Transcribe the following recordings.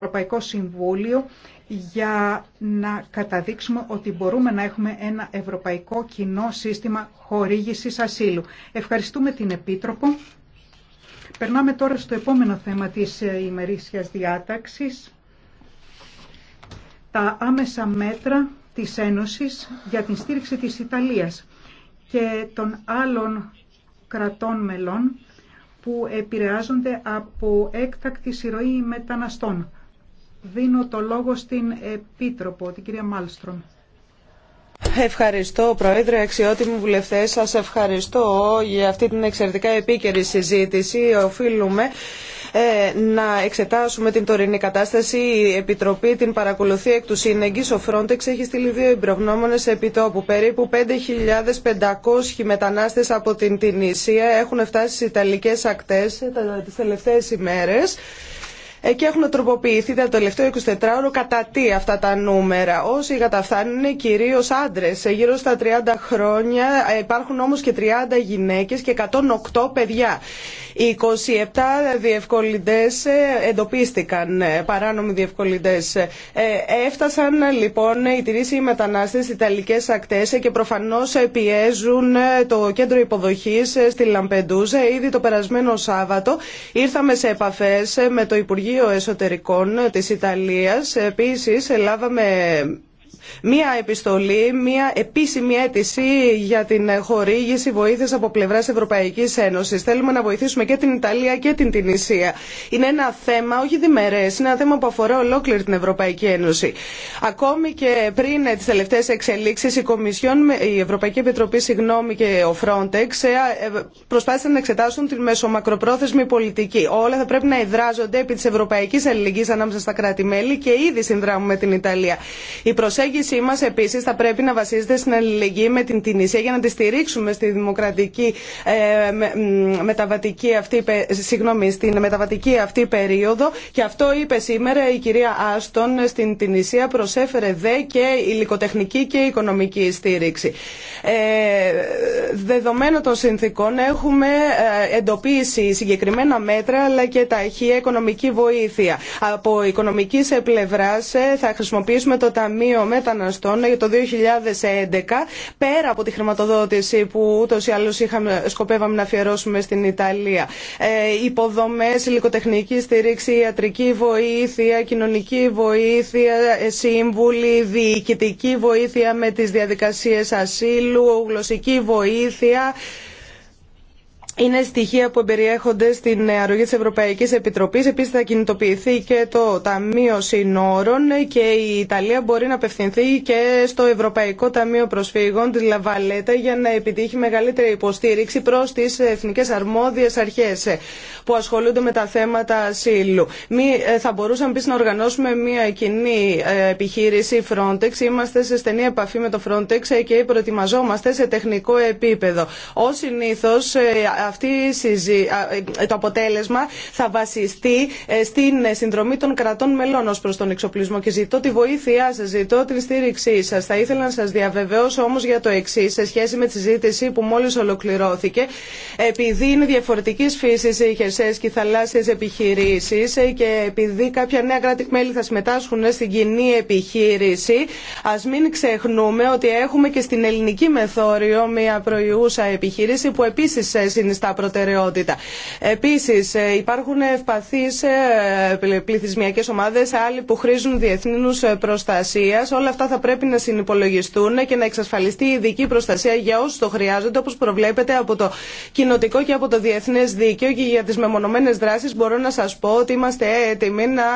Ευρωπαϊκό Συμβούλιο για να καταδείξουμε ότι μπορούμε να έχουμε ένα ευρωπαϊκό κοινό σύστημα χορήγησης ασύλου. Ευχαριστούμε την Επίτροπο. Περνάμε τώρα στο επόμενο θέμα της ε, ημερήσιας διάταξης. Τα άμεσα μέτρα της Ένωσης για την στήριξη της Ιταλίας και των άλλων κρατών μελών που επηρεάζονται από έκτακτη συρροή μεταναστών. Δίνω το λόγο στην Επίτροπο, την κυρία Μάλστρον. Ευχαριστώ Πρόεδρε, αξιότιμοι βουλευτές, σα ευχαριστώ για αυτή την εξαιρετικά επίκαιρη συζήτηση. Οφείλουμε ε, να εξετάσουμε την τωρινή κατάσταση. Η Επιτροπή την παρακολουθεί εκ του σύνεγγυ. Ο Frontex έχει στείλει δύο επί επιτόπου. Περίπου 5.500 μετανάστε από την Τινησία έχουν φτάσει στι Ιταλικέ ακτέ ε, τι τελευταίε ημέρε. Ε, και έχουν τροποποιηθεί τα τελευταία 24 ώρο κατά τι αυτά τα νούμερα. Όσοι καταφθάνουν είναι κυρίως άντρες, ε, γύρω στα 30 χρόνια, ε, υπάρχουν όμως και 30 γυναίκες και 108 παιδιά. οι 27 διευκολυντέ εντοπίστηκαν, παράνομοι διευκολυντέ. Έφτασαν λοιπόν οι τηρήσει οι μετανάστες στις Ιταλικές ακτές και προφανώ πιέζουν το κέντρο υποδοχή στη Λαμπεντούζα. Ήδη το περασμένο Σάββατο ήρθαμε σε επαφέ με το Υπουργείο Υπουργείο Εσωτερικών της Ιταλίας. Επίσης, λάβαμε μία επιστολή, μία επίσημη αίτηση για την χορήγηση βοήθειας από πλευράς Ευρωπαϊκής Ένωσης. Θέλουμε να βοηθήσουμε και την Ιταλία και την Τινησία. Είναι ένα θέμα, όχι διμερές, είναι ένα θέμα που αφορά ολόκληρη την Ευρωπαϊκή Ένωση. Ακόμη και πριν τις τελευταίες εξελίξεις, η, Κομισιόν, η Ευρωπαϊκή Επιτροπή συγγνώμη, και ο Frontex ε, ε, προσπάθησαν να εξετάσουν την μεσομακροπρόθεσμη πολιτική. Όλα θα πρέπει να εδράζονται επί της ευρωπαϊκής αλληλεγγύης ανάμεσα στα κράτη-μέλη και ήδη συνδράμουμε την Ιταλία. Η προσέγγιση προσέγγιση μα επίση θα πρέπει να βασίζεται στην αλληλεγγύη με την Τινησία για να τη στηρίξουμε στη δημοκρατική ε, μεταβατική αυτή, συγγνώμη, στην μεταβατική αυτή περίοδο. Και αυτό είπε σήμερα η κυρία Άστον στην Τινησία. Προσέφερε δε και υλικοτεχνική και οικονομική στήριξη. Ε, των συνθήκων έχουμε ε, εντοπίσει συγκεκριμένα μέτρα αλλά και ταχεία οικονομική βοήθεια. Από οικονομική ε, πλευρά θα χρησιμοποιήσουμε το Ταμείο Μεταναστών για το 2011, πέρα από τη χρηματοδότηση που ούτω ή άλλω σκοπεύαμε να αφιερώσουμε στην Ιταλία. Ε, υποδομές, υλικοτεχνική στήριξη, ιατρική βοήθεια, κοινωνική βοήθεια, ε, σύμβουλοι, διοικητική βοήθεια με τις διαδικασίες ασύλου, γλωσσική βοήθεια, είναι στοιχεία που περιέχονται στην αρρωγή της Ευρωπαϊκής Επιτροπής. Επίσης θα κινητοποιηθεί και το Ταμείο Συνόρων και η Ιταλία μπορεί να απευθυνθεί και στο Ευρωπαϊκό Ταμείο Προσφύγων τη Λαβαλέτα για να επιτύχει μεγαλύτερη υποστήριξη προς τις εθνικές αρμόδιες αρχές που ασχολούνται με τα θέματα ασύλου. Μη, ε, θα μπορούσαμε επίσης να οργανώσουμε μια κοινή ε, επιχείρηση Frontex. Είμαστε σε στενή επαφή με το Frontex και προετοιμαζόμαστε σε τεχνικό επίπεδο. Ως συνήθως ε, αυτή, ε, το αποτέλεσμα θα βασιστεί ε, στην συνδρομή των κρατών μελών ω προ τον εξοπλισμό και ζητώ τη βοήθειά σα, ζητώ την στήριξή σα. Θα ήθελα να σα διαβεβαιώσω όμω για το εξή σε σχέση με τη συζήτηση που μόλι ολοκληρώθηκε. Επειδή είναι διαφορετική φύση οι χερσαίε και οι θαλάσσιε επιχειρήσει ε, και επειδή κάποια νέα κράτη-μέλη θα συμμετάσχουν στην κοινή επιχείρηση, α μην ξεχνούμε ότι έχουμε και στην ελληνική μεθόριο μια προϊούσα επιχείρηση που επίση στα προτεραιότητα. Επίσης ε, υπάρχουν ευπαθεί ε, πληθυσμιακέ ομάδε άλλοι που χρήζουν διεθνού ε, προστασία. Όλα αυτά θα πρέπει να συνυπολογιστούν και να εξασφαλιστεί η ειδική προστασία για όσους το χρειάζονται όπω προβλέπεται από το κοινοτικό και από το διεθνέ δίκαιο και για τι μεμονωμένε δράσει. μπορώ να σα πω ότι είμαστε έτοιμοι να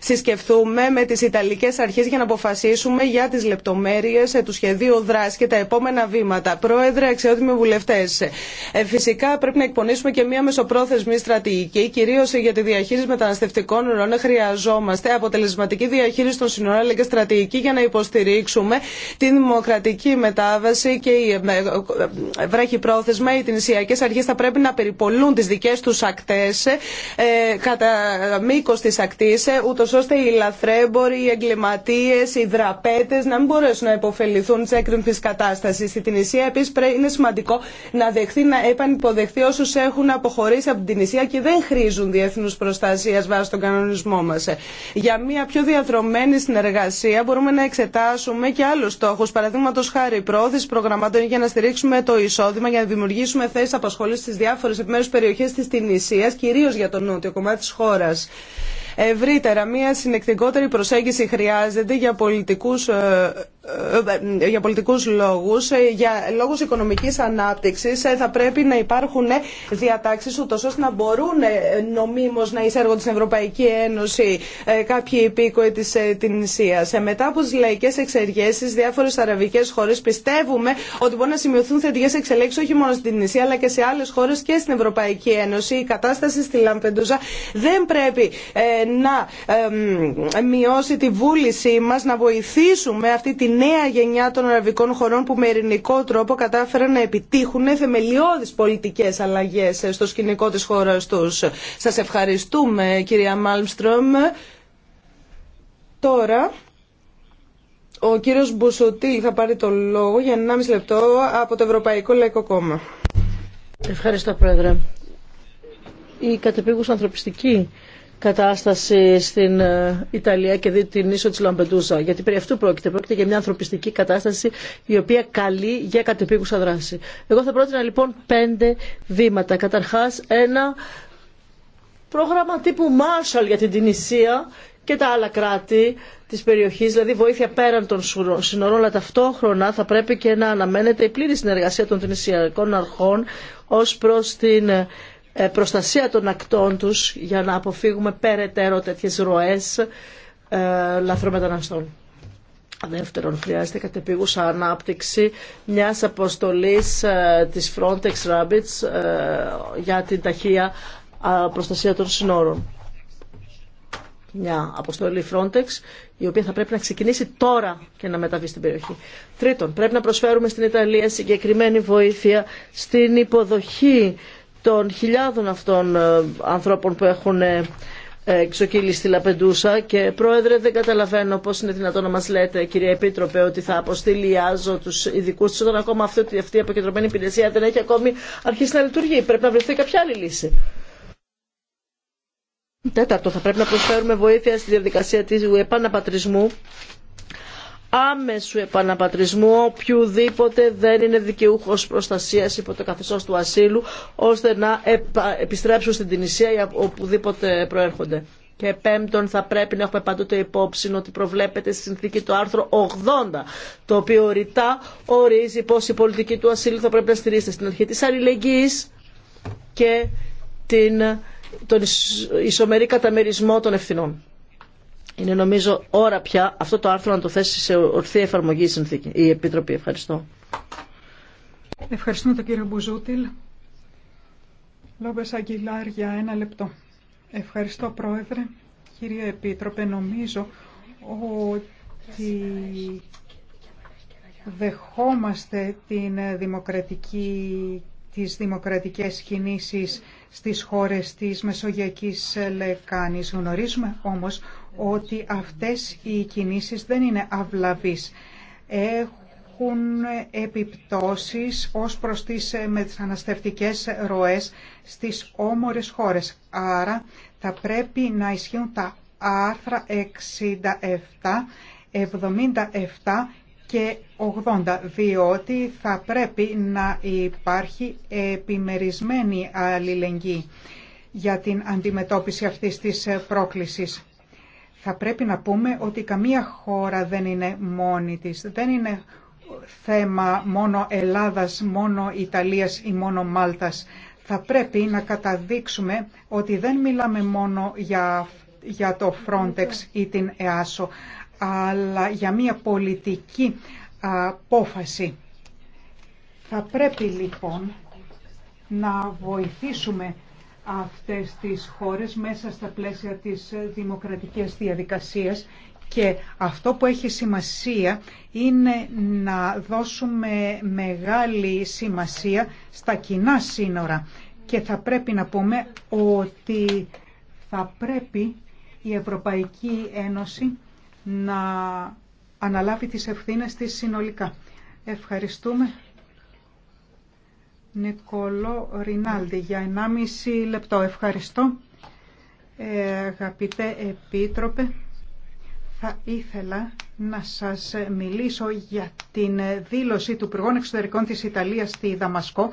συσκεφθούμε με τι ιταλικέ αρχέ για να αποφασίσουμε για τι λεπτομέρειε του σχεδίου δράση και τα επόμενα βήματα. Πρόεδρε, αξιότιμοι βουλευτές, Φυσικά πρέπει να εκπονήσουμε και μία μεσοπρόθεσμη στρατηγική, κυρίω για τη διαχείριση μεταναστευτικών ροών. Χρειαζόμαστε αποτελεσματική διαχείριση των συνορών αλλά και στρατηγική για να υποστηρίξουμε τη δημοκρατική μετάβαση και ε, ε, ε, οι πρόθεσμα οι τυνησιακέ αρχέ θα πρέπει να περιπολούν τι δικέ του ακτέ κατά μήκο τη ακτή, ούτω ώστε οι λαθρέμποροι, οι εγκληματίε, οι δραπέτε να μην μπορέσουν να υποφεληθούν τη έκρηξη κατάσταση. Στη Τινησία επίση είναι να δεχθεί να υποδεχθεί όσου έχουν αποχωρήσει από την Ισία και δεν χρήζουν διεθνού προστασία βάσει τον κανονισμό μα. Για μια πιο διαδρομένη συνεργασία μπορούμε να εξετάσουμε και άλλου στόχου. Παραδείγματο χάρη, πρόθεση προγραμμάτων για να στηρίξουμε το εισόδημα, για να δημιουργήσουμε θέσει απασχόληση στι διάφορε επιμέρου περιοχέ τη νησία, κυρίω για το νότιο κομμάτι τη χώρα. Ευρύτερα, μια συνεκτικότερη προσέγγιση χρειάζεται για πολιτικού ε, ε, για πολιτικούς λόγους, ε, για λόγους οικονομικής ανάπτυξης ε, θα πρέπει να υπάρχουν διατάξεις ούτως ώστε να μπορούν νομίμως να εισέρχονται στην Ευρωπαϊκή Ένωση κάποιοι υπήκοοι της Τινησίας. Μετά από τις λαϊκές εξεργέσεις διάφορες αραβικές χώρες πιστεύουμε ότι μπορεί να σημειωθούν θετικές εξελίξεις όχι μόνο στην Τινησία αλλά και σε άλλες χώρες και στην Ευρωπαϊκή Ένωση. Η κατάσταση στη Λαμπεντούζα δεν πρέπει να μειώσει τη βούλησή μας να βοηθήσουμε αυτή την νέα γενιά των αραβικών χωρών που με ειρηνικό τρόπο κατάφεραν να επιτύχουν θεμελιώδεις πολιτικές αλλαγές στο σκηνικό της χώρας τους. Σας ευχαριστούμε κυρία Μάλμστρομ. Τώρα ο κύριος Μπουσουτήλ θα πάρει το λόγο για 1,5 λεπτό από το Ευρωπαϊκό Λαϊκό Κόμμα. Ευχαριστώ Πρόεδρε. Η κατεπίγουσα ανθρωπιστική κατάσταση στην ε, Ιταλία και δει την ίσο της Λαμπεντούζα. Γιατί περί αυτού πρόκειται. Πρόκειται για μια ανθρωπιστική κατάσταση η οποία καλεί για κατεπίγουσα δράση. Εγώ θα πρότεινα λοιπόν πέντε βήματα. Καταρχάς ένα πρόγραμμα τύπου Marshall για την Τινησία και τα άλλα κράτη τη περιοχή, δηλαδή βοήθεια πέραν των σύνορων, αλλά ταυτόχρονα θα πρέπει και να αναμένεται η πλήρη συνεργασία των Τινησιακών αρχών ω προ την ε, προστασία των ακτών τους για να αποφύγουμε περαιτέρω τέτοιες ροές ε, λαθρομεταναστών. Δεύτερον, χρειάζεται κατεπίγουσα ανάπτυξη μιας αποστολής ε, της Frontex Rabbits για την ταχεία προστασία των συνόρων. Μια αποστολή Frontex η οποία θα πρέπει να ξεκινήσει τώρα και να μεταβεί στην περιοχή. Τρίτον, πρέπει να προσφέρουμε στην Ιταλία συγκεκριμένη βοήθεια στην υποδοχή των χιλιάδων αυτών ε, ανθρώπων που έχουν ε, ε, ξοκύλει στη Λαπεντούσα και πρόεδρε δεν καταλαβαίνω πώς είναι δυνατό να μας λέτε κυρία Επίτροπε ότι θα αποστείλει η τους ειδικούς της όταν ακόμα αυτή, αυτή η αποκεντρωμένη υπηρεσία δεν έχει ακόμη αρχίσει να λειτουργεί. Πρέπει να βρεθεί κάποια άλλη λύση. Τέταρτο, θα πρέπει να προσφέρουμε βοήθεια στη διαδικασία της επαναπατρισμού άμεσου επαναπατρισμού οποιοδήποτε δεν είναι δικαιούχος προστασίας υπό το καθεστώς του ασύλου ώστε να επιστρέψουν στην Τινησία ή οπουδήποτε προέρχονται. Και πέμπτον θα πρέπει να έχουμε το υπόψη ότι προβλέπεται στη συνθήκη το άρθρο 80, το οποίο ρητά ορίζει πως η πολιτική του ασύλου θα πρέπει να στηρίζεται στην αρχή της αλληλεγγύης και την, τον ισομερή καταμερισμό των ευθυνών. Είναι νομίζω ώρα πια αυτό το άρθρο να το θέσει σε ορθή εφαρμογή η, συνθήκη, η Επιτροπή. Ευχαριστώ. Ευχαριστούμε τον κύριο Μπουζούτιλ. Λόμπες Αγγιλάρ για ένα λεπτό. Ευχαριστώ Πρόεδρε. Κύριε Επίτροπε, νομίζω ότι δεχόμαστε την δημοκρατική, τις δημοκρατικές κινήσεις στις χώρες της Μεσογειακής Λεκάνης. Γνωρίζουμε όμως ότι αυτές οι κινήσεις δεν είναι αυλαβείς. Έχουν επιπτώσεις ως προς τις ε, μεταναστευτικές ροές στις όμορες χώρες. Άρα θα πρέπει να ισχύουν τα άρθρα 67, 77 και 80, διότι θα πρέπει να υπάρχει επιμερισμένη αλληλεγγύη για την αντιμετώπιση αυτής της ε, πρόκλησης θα πρέπει να πούμε ότι καμία χώρα δεν είναι μόνη της. Δεν είναι θέμα μόνο Ελλάδας, μόνο Ιταλίας ή μόνο Μάλτας. Θα πρέπει να καταδείξουμε ότι δεν μιλάμε μόνο για, για το Frontex ή την ΕΑΣΟ, αλλά για μια πολιτική απόφαση. Θα πρέπει λοιπόν να βοηθήσουμε αυτές τις χώρες μέσα στα πλαίσια της δημοκρατικής διαδικασίας και αυτό που έχει σημασία είναι να δώσουμε μεγάλη σημασία στα κοινά σύνορα και θα πρέπει να πούμε ότι θα πρέπει η Ευρωπαϊκή Ένωση να αναλάβει τις ευθύνες της συνολικά. Ευχαριστούμε. Νικολό Ρινάλντι για 1,5 λεπτό. Ευχαριστώ. Ε, αγαπητέ Επίτροπε, θα ήθελα να σας μιλήσω για την δήλωση του Υπουργών Εξωτερικών της Ιταλίας στη Δαμασκό,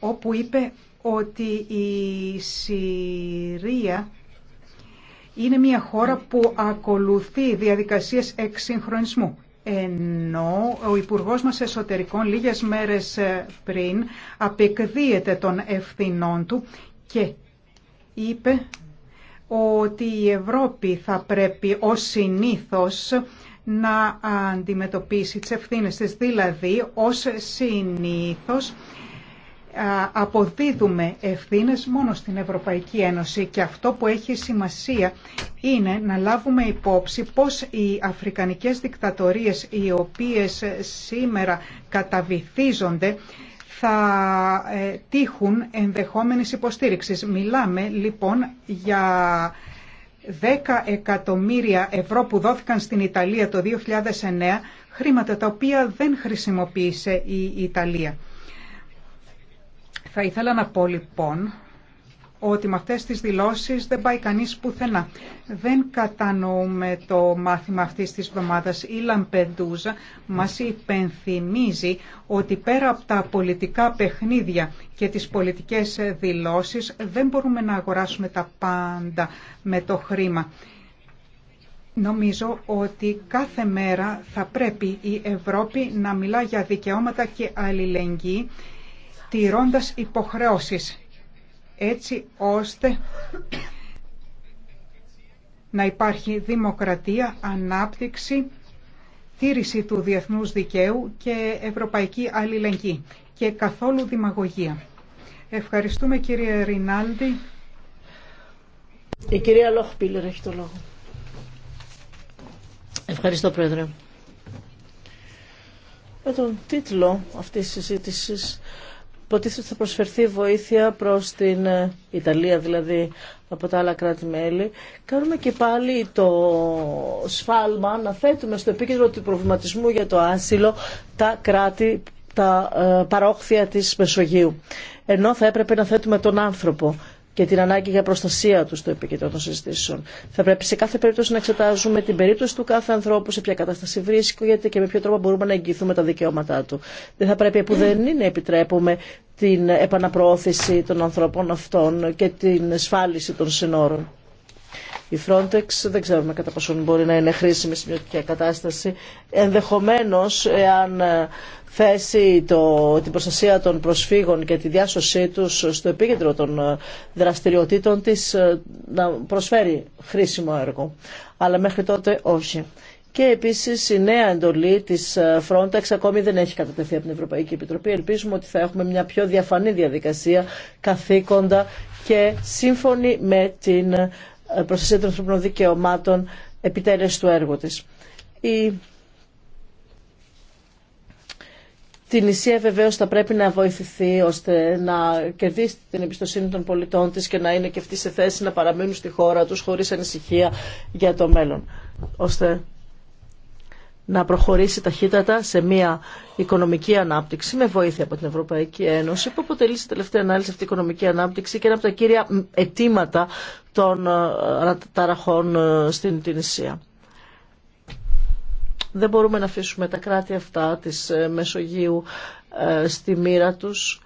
όπου είπε ότι η Συρία είναι μια χώρα που ακολουθεί διαδικασίες εξυγχρονισμού ενώ ο Υπουργός μας Εσωτερικών λίγες μέρες ε, πριν απεκδίεται των ευθυνών του και είπε ότι η Ευρώπη θα πρέπει ως συνήθως να αντιμετωπίσει τις ευθύνες της, δηλαδή ως συνήθως αποδίδουμε ευθύνες μόνο στην Ευρωπαϊκή Ένωση και αυτό που έχει σημασία είναι να λάβουμε υπόψη πως οι αφρικανικές δικτατορίες οι οποίες σήμερα καταβυθίζονται θα ε, τύχουν ενδεχόμενης υποστήριξης. Μιλάμε λοιπόν για 10 εκατομμύρια ευρώ που δόθηκαν στην Ιταλία το 2009, χρήματα τα οποία δεν χρησιμοποίησε η Ιταλία. Θα ήθελα να πω λοιπόν ότι με αυτές τις δηλώσεις δεν πάει κανείς πουθενά. Δεν κατανοούμε το μάθημα αυτής της εβδομάδας. Η Λαμπεντούζα μας υπενθυμίζει ότι πέρα από τα πολιτικά παιχνίδια και τις πολιτικές δηλώσεις δεν μπορούμε να αγοράσουμε τα πάντα με το χρήμα. Νομίζω ότι κάθε μέρα θα πρέπει η Ευρώπη να μιλά για δικαιώματα και αλληλεγγύη τηρώντας υποχρεώσεις έτσι ώστε να υπάρχει δημοκρατία, ανάπτυξη, τήρηση του διεθνούς δικαίου και ευρωπαϊκή αλληλεγγύη και καθόλου δημαγωγία. Ευχαριστούμε κύριε Ρινάλντι. Η κυρία Λόχπίλερ έχει το λόγο. Ευχαριστώ πρόεδρε. Με τον τίτλο αυτής της συζήτησης υποτίθεται ότι θα προσφερθεί βοήθεια προς την ε, Ιταλία δηλαδή από τα άλλα κράτη-μέλη. Κάνουμε και πάλι το σφάλμα να θέτουμε στο επίκεντρο του προβληματισμού για το άσυλο τα κράτη τα ε, παρόχθια της Μεσογείου. Ενώ θα έπρεπε να θέτουμε τον άνθρωπο και την ανάγκη για προστασία του στο επίκεντρο των συζητήσεων. Θα πρέπει σε κάθε περίπτωση να εξετάζουμε την περίπτωση του κάθε ανθρώπου, σε ποια κατάσταση βρίσκεται και με ποιο τρόπο μπορούμε να εγγυηθούμε τα δικαιώματά του. Δεν θα πρέπει που δεν είναι επιτρέπουμε την επαναπροώθηση των ανθρώπων αυτών και την σφάλιση των συνόρων. Η Frontex δεν ξέρουμε κατά πόσο μπορεί να είναι χρήσιμη στην κατάσταση. Ενδεχομένως, εάν ε, θέσει το, την προστασία των προσφύγων και τη διάσωσή του στο επίκεντρο των ε, δραστηριοτήτων της, ε, να προσφέρει χρήσιμο έργο. Αλλά μέχρι τότε όχι. Και επίσης η νέα εντολή της Frontex ακόμη δεν έχει κατατεθεί από την Ευρωπαϊκή Επιτροπή. Ελπίζουμε ότι θα έχουμε μια πιο διαφανή διαδικασία, καθήκοντα και σύμφωνη με την ε, προστασία των ανθρωπινών δικαιωμάτων επιτέλεση του έργου της. Η... Την Ισία βεβαίω θα πρέπει να βοηθηθεί ώστε να κερδίσει την εμπιστοσύνη των πολιτών της και να είναι και αυτή σε θέση να παραμείνουν στη χώρα τους χωρίς ανησυχία για το μέλλον. Ώστε να προχωρήσει ταχύτατα σε μια οικονομική ανάπτυξη με βοήθεια από την Ευρωπαϊκή Ένωση που αποτελεί σε τελευταία ανάλυση αυτή η οικονομική ανάπτυξη και ένα από τα κύρια αιτήματα των ε, ταραχών ε, στην Τινησία. Δεν μπορούμε να αφήσουμε τα κράτη αυτά της ε, Μεσογείου στη μοίρα τους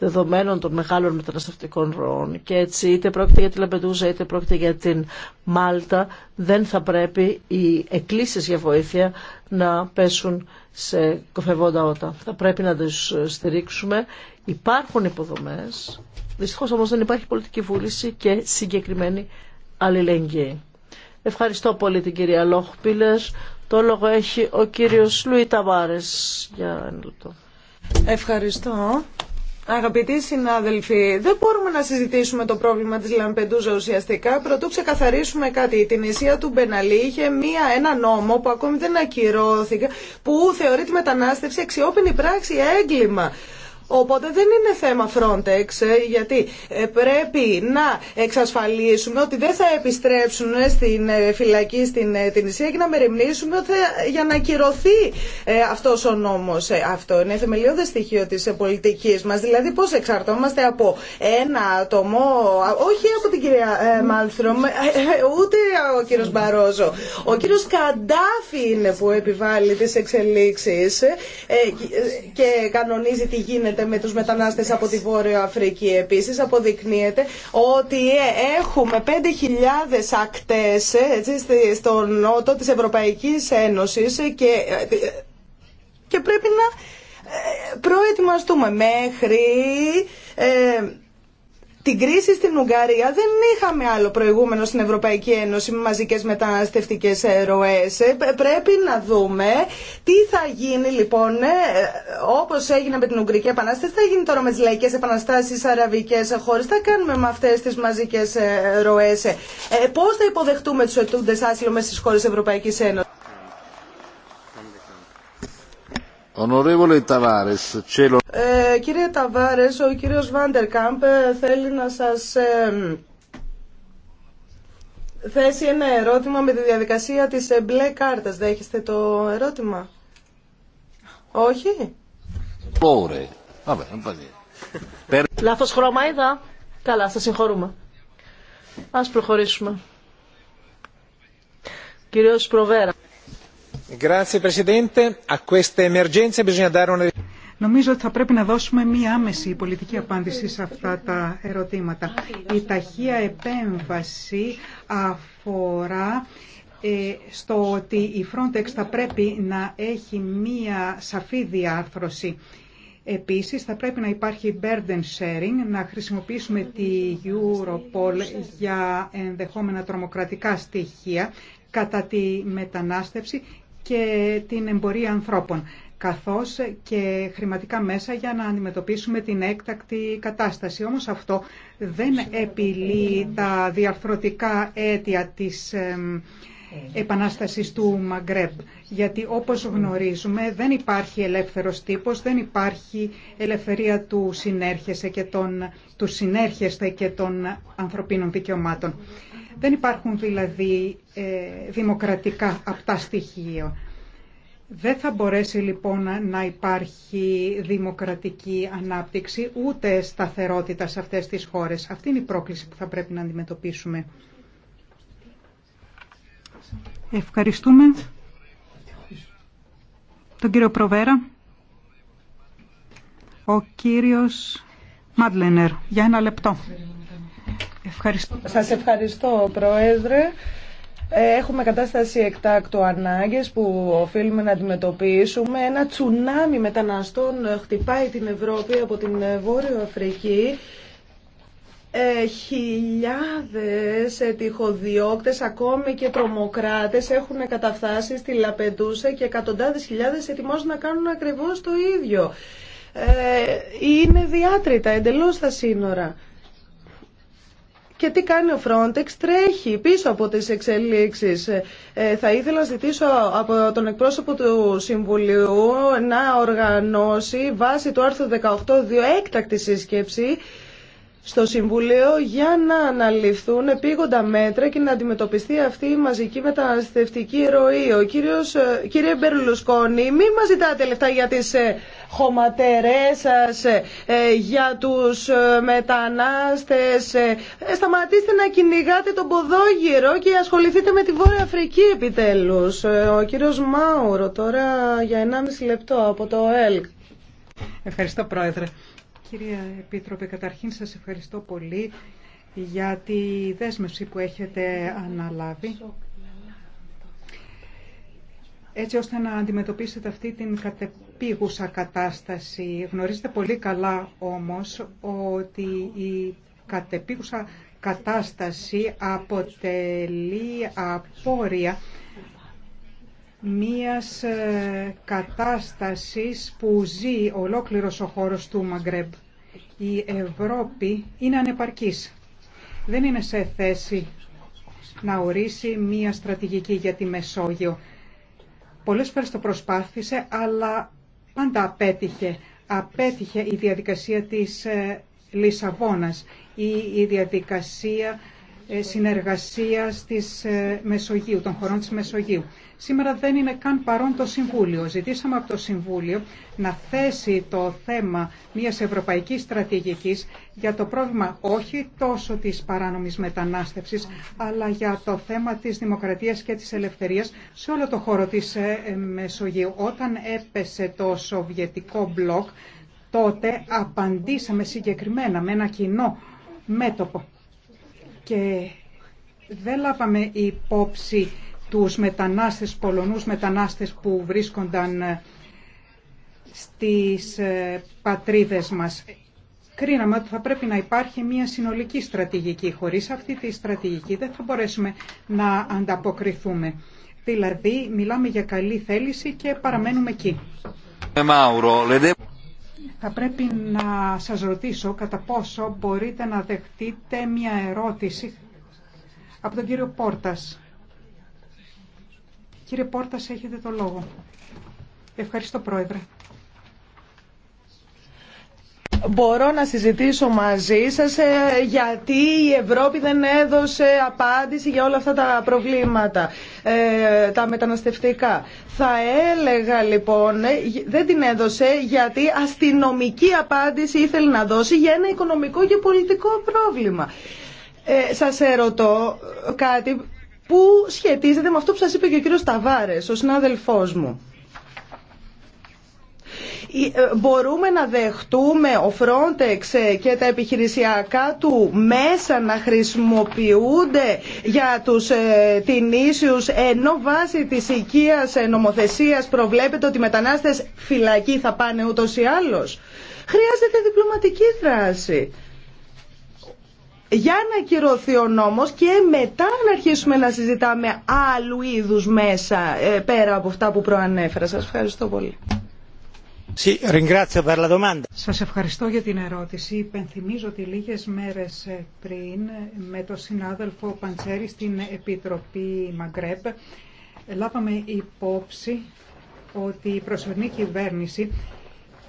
δεδομένων των μεγάλων μεταναστευτικών ροών και έτσι είτε πρόκειται για τη Λαμπεντούζα είτε πρόκειται για την Μάλτα δεν θα πρέπει οι εκκλήσεις για βοήθεια να πέσουν σε κοφευόντα ότα. Θα πρέπει να τους στηρίξουμε. Υπάρχουν υποδομές, δυστυχώς όμως δεν υπάρχει πολιτική βούληση και συγκεκριμένη αλληλεγγύη. Ευχαριστώ πολύ την κυρία Λόχπιλερ. Το λόγο έχει ο κύριος Λουί Ταβάρες για ένα Ευχαριστώ. Αγαπητοί συνάδελφοι, δεν μπορούμε να συζητήσουμε το πρόβλημα της Λαμπεντούζα ουσιαστικά. Πρωτού ξεκαθαρίσουμε κάτι. Η νησία του Μπεναλή είχε μία, ένα νόμο που ακόμη δεν ακυρώθηκε, που θεωρεί τη μετανάστευση αξιόπινη πράξη, έγκλημα. Οπότε δεν είναι θέμα Frontex, γιατί ε, πρέπει να εξασφαλίσουμε ότι δεν θα επιστρέψουν στην ε, φυλακή στην ε, την Ισία και να μεριμνήσουμε για να ακυρωθεί αυτός ο νόμος. Αυτό είναι θεμελιώδες στοιχείο της πολιτικής μας. Δηλαδή πώς εξαρτώμαστε από ένα άτομο, όχι από την κυρία μάλθρομ, ούτε ο κύριος Μπαρόζο. Ο κύριος Καντάφη είναι που επιβάλλει τις εξελίξεις και κανονίζει τι γίνεται με τους μετανάστες από τη Βόρεια Αφρική. Επίσης αποδεικνύεται ότι ε, έχουμε 5.000 ακτές ε, έτσι, στον νότο της Ευρωπαϊκής Ένωσης ε, και, και πρέπει να προετοιμαστούμε μέχρι... Ε, στην κρίση στην Ουγγαρία δεν είχαμε άλλο προηγούμενο στην Ευρωπαϊκή Ένωση με μαζικές μεταναστευτικές ε, ροές. Ε, πρέπει να δούμε τι θα γίνει λοιπόν, ε, όπως έγινε με την Ουγγρική Επανάσταση, θα γίνει τώρα με τις λαϊκές επαναστάσεις αραβικές χώρε. θα κάνουμε με αυτές τις μαζικές ροές. Πώ θα υποδεχτούμε του ετούντε άσυλο μέσα στι χώρε Ευρωπαϊκή Ένωση. Ε, κύριε Ταβάρες, ο κύριος Βάντερκάμπ ε, θέλει να σας ε, θέσει ένα ερώτημα με τη διαδικασία της μπλε κάρτας. Δέχεστε το ερώτημα. Όχι. Λάθος χρώμα είδα. Καλά, σας συγχωρούμε. Ας προχωρήσουμε. Κύριος Προβέρα. Νομίζω ότι θα πρέπει να δώσουμε μία άμεση πολιτική απάντηση σε αυτά τα ερωτήματα. Η ταχεία επέμβαση αφορά ε, στο ότι η Frontex θα πρέπει να έχει μία σαφή διάρθρωση. Επίσης, θα πρέπει να υπάρχει burden sharing, να χρησιμοποιήσουμε τη Europol για ενδεχόμενα τρομοκρατικά στοιχεία κατά τη μετανάστευση και την εμπορία ανθρώπων, καθώς και χρηματικά μέσα για να αντιμετωπίσουμε την έκτακτη κατάσταση. Όμως αυτό δεν επιλύει τα διαρθρωτικά αίτια της επανάστασης του Μαγκρέμπ. Γιατί όπως γνωρίζουμε δεν υπάρχει ελεύθερος τύπος, δεν υπάρχει ελευθερία του συνέρχεσαι και των, του συνέρχεστε και των ανθρωπίνων δικαιωμάτων. Δεν υπάρχουν δηλαδή ε, δημοκρατικά αυτά στοιχεία. Δεν θα μπορέσει λοιπόν να υπάρχει δημοκρατική ανάπτυξη ούτε σταθερότητα σε αυτές τις χώρες. Αυτή είναι η πρόκληση που θα πρέπει να αντιμετωπίσουμε. Ευχαριστούμε τον κύριο Προβέρα. Ο κύριος Μάντλενερ, για ένα λεπτό. Ευχαριστώ. Σας ευχαριστώ, Πρόεδρε. Ε, έχουμε κατάσταση εκτάκτου ανάγκες που οφείλουμε να αντιμετωπίσουμε. Ένα τσουνάμι μεταναστών χτυπάει την Ευρώπη από την Βόρειο Αφρική. Ε, χιλιάδες ετυχοδιώκτες, ακόμη και τρομοκράτες έχουν καταφθάσει στη Λαπεντούσα και εκατοντάδες χιλιάδες ετοιμώσουν να κάνουν ακριβώς το ίδιο. Ε, είναι διάτρητα εντελώς τα σύνορα. Και τι κάνει ο Frontex, τρέχει πίσω από τις εξελίξεις. Ε, ε, θα ήθελα να ζητήσω από τον εκπρόσωπο του Συμβουλίου να οργανώσει βάσει του άρθρου 18.2 έκτακτη σύσκεψη στο Συμβουλίο για να αναλυθούν επίγοντα μέτρα και να αντιμετωπιστεί αυτή η μαζική μεταναστευτική ροή. Ο κύριος, ε, κύριε Μπερλουσκόνη, μη μας ζητάτε λεφτά για τις ε, χωματερές σας, ε, για τους μετανάστες. Σταματήστε να κυνηγάτε τον ποδόγυρο και ασχοληθείτε με τη Βόρεια Αφρική επιτέλους. Ο κύριος Μάουρο τώρα για 1,5 λεπτό από το ΕΛΚ. Ευχαριστώ Πρόεδρε. Κυρία Επίτροπε, καταρχήν σας ευχαριστώ πολύ για τη δέσμευση που έχετε αναλάβει έτσι ώστε να αντιμετωπίσετε αυτή την κατεπίγουσα κατάσταση. Γνωρίζετε πολύ καλά όμως ότι η κατεπίγουσα κατάσταση αποτελεί απόρρια μίας ε, κατάστασης που ζει ολόκληρος ο χώρος του Μαγκρέμπ. Η Ευρώπη είναι ανεπαρκής. Δεν είναι σε θέση να ορίσει μία στρατηγική για τη Μεσόγειο. Πολλές φορές το προσπάθησε, αλλά πάντα απέτυχε. Απέτυχε η διαδικασία της ε, Λισαβόνας ή η διαδικασία ε, συνεργασία της ε, Μεσογείου, των χωρών της Μεσογείου. Σήμερα δεν είναι καν παρόν το Συμβούλιο. Ζητήσαμε από το Συμβούλιο να θέσει το θέμα μιας ευρωπαϊκής στρατηγικής για το πρόβλημα όχι τόσο της παράνομης μετανάστευσης, αλλά για το θέμα της δημοκρατίας και της ελευθερίας σε όλο το χώρο της ε, Μεσογείου. Όταν έπεσε το Σοβιετικό μπλοκ, τότε απαντήσαμε συγκεκριμένα με ένα κοινό μέτωπο και δεν λάβαμε υπόψη τους μετανάστες, Πολωνούς μετανάστες που βρίσκονταν ε, στις ε, πατρίδες μας. Κρίναμε ότι θα πρέπει να υπάρχει μια συνολική στρατηγική. Χωρίς αυτή τη στρατηγική δεν θα μπορέσουμε να ανταποκριθούμε. Δηλαδή μιλάμε για καλή θέληση και παραμένουμε εκεί. Ε, θα πρέπει να σας ρωτήσω κατά πόσο μπορείτε να δεχτείτε μια ερώτηση από τον κύριο Πόρτας. Κύριε Πόρτας, έχετε το λόγο. Ευχαριστώ, Πρόεδρε μπορώ να συζητήσω μαζί σας ε, γιατί η Ευρώπη δεν έδωσε απάντηση για όλα αυτά τα προβλήματα, ε, τα μεταναστευτικά. Θα έλεγα λοιπόν, ε, δεν την έδωσε γιατί αστυνομική απάντηση ήθελε να δώσει για ένα οικονομικό και πολιτικό πρόβλημα. Ε, σας ερωτώ κάτι που σχετίζεται με αυτό που σας είπε και ο κύριος Ταβάρες, ο συνάδελφός μου. Ε, ε, μπορούμε να δεχτούμε ο Frontex ε, και τα επιχειρησιακά του μέσα να χρησιμοποιούνται για τους την ίσιους, ενώ βάσει της οικίας νομοθεσίας προβλέπεται ότι οι μετανάστες φυλακοί θα πάνε ούτως ή άλλως. Χρειάζεται διπλωματική δράση για να κυρωθεί ο νόμος και μετά να αρχίσουμε να συζητάμε άλλου είδους μέσα πέρα από αυτά που προανέφερα. Σας ευχαριστώ πολύ. Σας ευχαριστώ για την ερώτηση. Υπενθυμίζω ότι λίγες μέρες πριν με τον συνάδελφο Παντσέρη στην Επιτροπή Μαγκρέπ λάβαμε υπόψη ότι η προσωρινή κυβέρνηση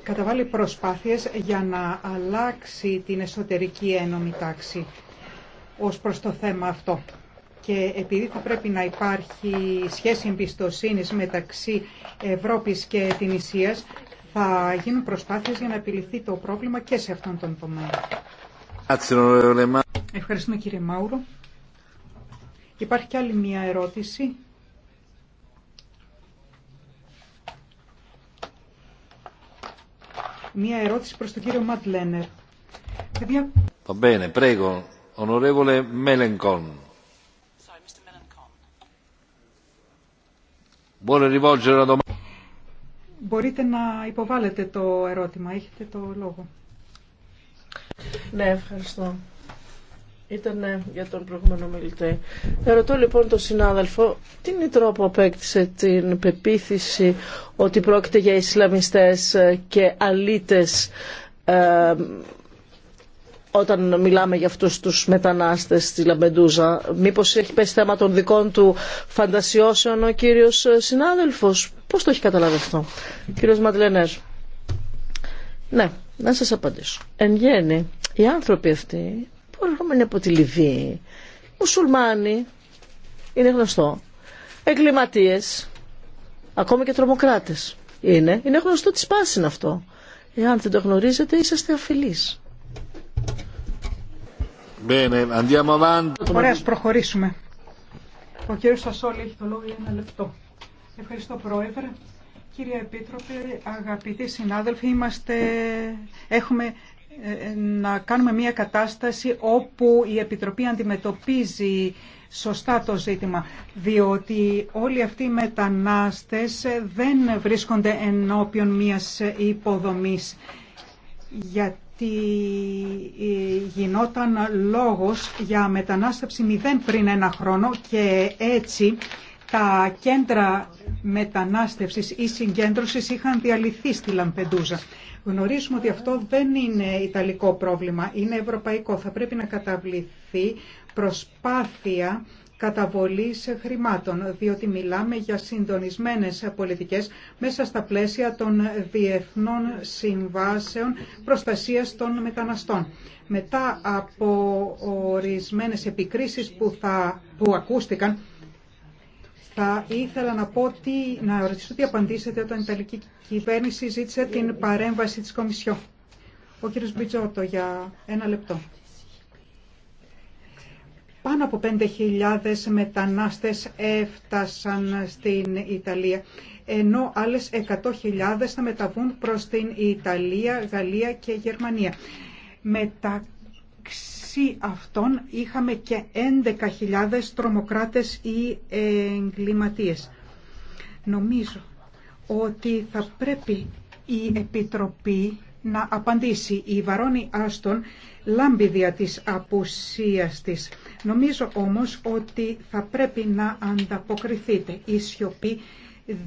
καταβάλει προσπάθειες για να αλλάξει την εσωτερική ένωμη τάξη ως προς το θέμα αυτό. Και επειδή θα πρέπει να υπάρχει σχέση εμπιστοσύνης μεταξύ Ευρώπης και την θα γίνουν προσπάθειες για να επιληθεί το πρόβλημα και σε αυτόν τον τομέα. Ευχαριστούμε κύριε Μάουρο. Υπάρχει κι άλλη μία ερώτηση. Μία ερώτηση προς τον κύριο Ματ Λένερ. Παιδιά... μπαίνε, πρέγω. Ονορεύολε Μέλενκον. Μπορεί να το Μπορείτε να υποβάλλετε το ερώτημα. Έχετε το λόγο. Ναι, ευχαριστώ. Ήταν για τον προηγούμενο μιλητή. Ερωτώ λοιπόν τον συνάδελφο, τι είναι τρόπο απέκτησε την πεποίθηση ότι πρόκειται για Ισλαμιστές και αλίτες ε, όταν μιλάμε για αυτούς τους μετανάστες στη Λαμπεντούζα. Μήπως έχει πέσει θέμα των δικών του φαντασιώσεων ο κύριος συνάδελφος. Πώς το έχει καταλάβει αυτό. Κύριος Ματλενέρ. Ναι, να σας απαντήσω. Εν γέννη, οι άνθρωποι αυτοί που έρχομαι από τη Λιβύη, μουσουλμάνοι, είναι γνωστό, εγκληματίες, ακόμη και τρομοκράτες είναι. Είναι γνωστό τι σπάσει αυτό. Εάν δεν το γνωρίζετε είσαστε αφιλείς. Ωραία, ας προχωρήσουμε. Ο κύριο Σασόλη έχει το λόγο για ένα λεπτό. Ευχαριστώ Πρόεδρε. Κύριε Επίτροπε, αγαπητοί συνάδελφοι, είμαστε, έχουμε ε, να κάνουμε μια κατάσταση όπου η Επιτροπή αντιμετωπίζει σωστά το ζήτημα, διότι όλοι αυτοί οι μετανάστες δεν βρίσκονται ενώπιον μιας υποδομής, γιατί ότι ε, γινόταν λόγος για μετανάστευση μηδέν πριν ένα χρόνο και έτσι τα κέντρα μετανάστευσης ή συγκέντρωσης είχαν διαλυθεί στη Λαμπεντούζα. Γνωρίζουμε ότι αυτό δεν είναι ιταλικό πρόβλημα, είναι ευρωπαϊκό. Θα πρέπει να καταβληθεί προσπάθεια καταβολής χρημάτων, διότι μιλάμε για συντονισμένες πολιτικές μέσα στα πλαίσια των διεθνών συμβάσεων προστασίας των μεταναστών. Μετά από ορισμένες επικρίσεις που, που ακούστηκαν, θα ήθελα να πω τι, να ρωτήσω τι απαντήσετε όταν η Ιταλική κυβέρνηση ζήτησε την παρέμβαση της Κομισιό. Ο κύριος Μπιτζότο για ένα λεπτό. Λοιπόν από 5.000 μετανάστες έφτασαν στην Ιταλία, ενώ άλλες 100.000 θα μεταβούν προς την Ιταλία, Γαλλία και Γερμανία. Μεταξύ αυτών είχαμε και 11.000 τρομοκράτες ή εγκληματίες. Νομίζω ότι θα πρέπει η Επιτροπή να απαντήσει. Η Βαρόνη Άστον λάμπει δια της απουσίας της. Νομίζω όμως ότι θα πρέπει να ανταποκριθείτε. Η σιωπή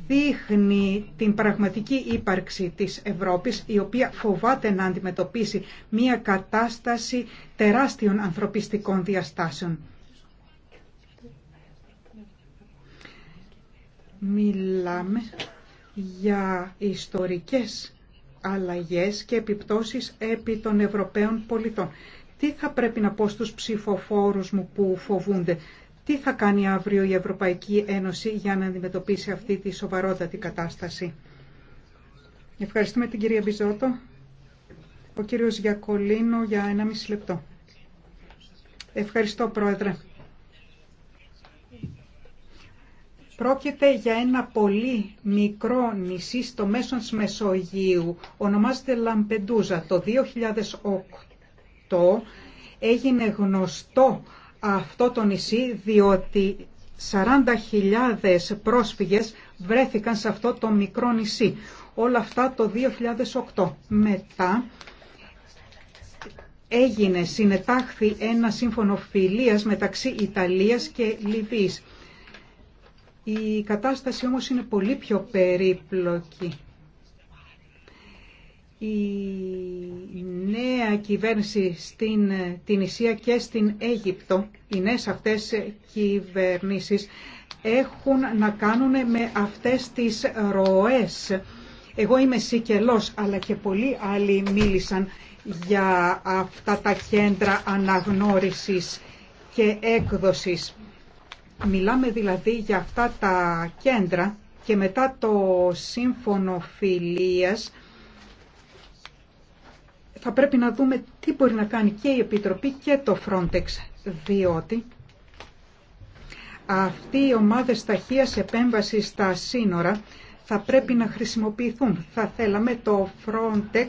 δείχνει την πραγματική ύπαρξη της Ευρώπης, η οποία φοβάται να αντιμετωπίσει μια κατάσταση τεράστιων ανθρωπιστικών διαστάσεων. Μιλάμε για ιστορικές αλλαγές και επιπτώσεις επί των Ευρωπαίων πολιτών. Τι θα πρέπει να πω στους ψηφοφόρους μου που φοβούνται. Τι θα κάνει αύριο η Ευρωπαϊκή Ένωση για να αντιμετωπίσει αυτή τη σοβαρότατη κατάσταση. Ευχαριστούμε την κυρία Μπιζότο. Ο κύριος Γιακολίνο για ένα μισή λεπτό. Ευχαριστώ πρόεδρε. Πρόκειται για ένα πολύ μικρό νησί στο μέσο της Μεσογείου. Ονομάζεται Λαμπεντούζα. Το 2008 έγινε γνωστό αυτό το νησί διότι 40.000 πρόσφυγες βρέθηκαν σε αυτό το μικρό νησί. Όλα αυτά το 2008. Μετά έγινε, συνετάχθη ένα σύμφωνο φιλίας μεταξύ Ιταλίας και Λιβύης. Η κατάσταση όμως είναι πολύ πιο περίπλοκη. Η νέα κυβέρνηση στην την Ισία και στην Αίγυπτο, οι νέες αυτές κυβερνήσεις, έχουν να κάνουν με αυτές τις ροές. Εγώ είμαι σικελός, αλλά και πολλοί άλλοι μίλησαν για αυτά τα κέντρα αναγνώρισης και έκδοσης. Μιλάμε δηλαδή για αυτά τα κέντρα και μετά το σύμφωνο φιλίας θα πρέπει να δούμε τι μπορεί να κάνει και η Επιτροπή και το Frontex, διότι αυτοί οι ομάδες ταχείας επέμβαση στα σύνορα θα πρέπει να χρησιμοποιηθούν. Θα θέλαμε το Frontex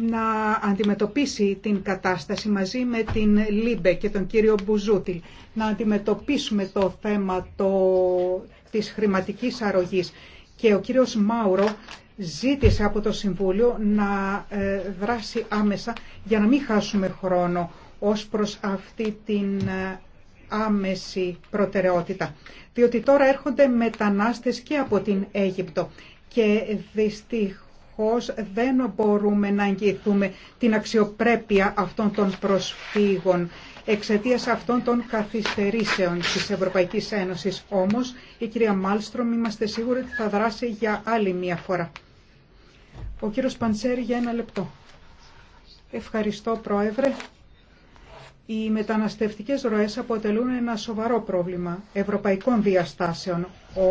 να αντιμετωπίσει την κατάσταση μαζί με την Λίμπε και τον κύριο Μπουζούτη, να αντιμετωπίσουμε το θέμα το, της χρηματικής αρρωγής. Και ο κύριος Μάουρο ζήτησε από το Συμβούλιο να ε, δράσει άμεσα για να μην χάσουμε χρόνο ως προς αυτή την ε, άμεση προτεραιότητα. Διότι τώρα έρχονται μετανάστες και από την Αίγυπτο και δυστυχώς δυστυχώς δεν μπορούμε να εγγυηθούμε την αξιοπρέπεια αυτών των προσφύγων εξαιτίας αυτών των καθυστερήσεων της Ευρωπαϊκής Ένωσης. Όμως, η κυρία Μάλστρομ είμαστε σίγουροι ότι θα δράσει για άλλη μία φορά. Ο κύριος Παντσέρη για ένα λεπτό. Ευχαριστώ, Πρόεδρε. Οι μεταναστευτικές ροές αποτελούν ένα σοβαρό πρόβλημα ευρωπαϊκών διαστάσεων.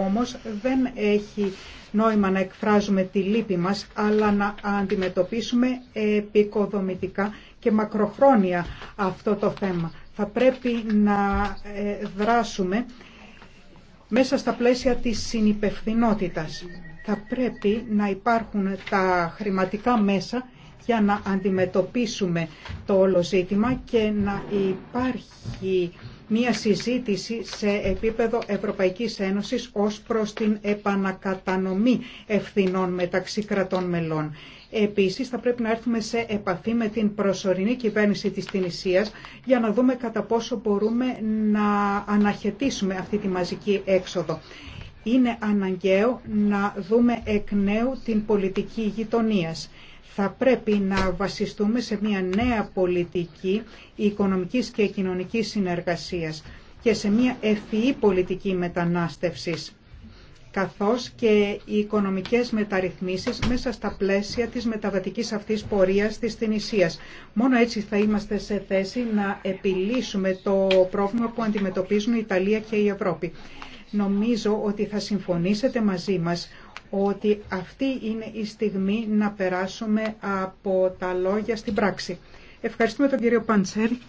Όμως δεν έχει νόημα να εκφράζουμε τη λύπη μας, αλλά να αντιμετωπίσουμε επικοδομητικά και μακροχρόνια αυτό το θέμα. Θα πρέπει να ε, δράσουμε μέσα στα πλαίσια της συνυπευθυνότητας. Θα πρέπει να υπάρχουν τα χρηματικά μέσα για να αντιμετωπίσουμε το όλο ζήτημα και να υπάρχει μία συζήτηση σε επίπεδο Ευρωπαϊκής Ένωσης ως προς την επανακατανομή ευθυνών μεταξύ κρατών μελών. Επίσης θα πρέπει να έρθουμε σε επαφή με την προσωρινή κυβέρνηση της Τινησίας για να δούμε κατά πόσο μπορούμε να αναχαιτήσουμε αυτή τη μαζική έξοδο. Είναι αναγκαίο να δούμε εκ νέου την πολιτική γειτονίας θα πρέπει να βασιστούμε σε μια νέα πολιτική οικονομικής και κοινωνικής συνεργασίας και σε μια ευφυή πολιτική μετανάστευσης καθώς και οι οικονομικές μεταρρυθμίσεις μέσα στα πλαίσια της μεταβατικής αυτής πορείας της Τινησίας. Μόνο έτσι θα είμαστε σε θέση να επιλύσουμε το πρόβλημα που αντιμετωπίζουν η Ιταλία και η Ευρώπη. Νομίζω ότι θα συμφωνήσετε μαζί μας ότι αυτή είναι η στιγμή να περάσουμε από τα λόγια στην πράξη. Ευχαριστούμε τον κύριο Παντσέρη.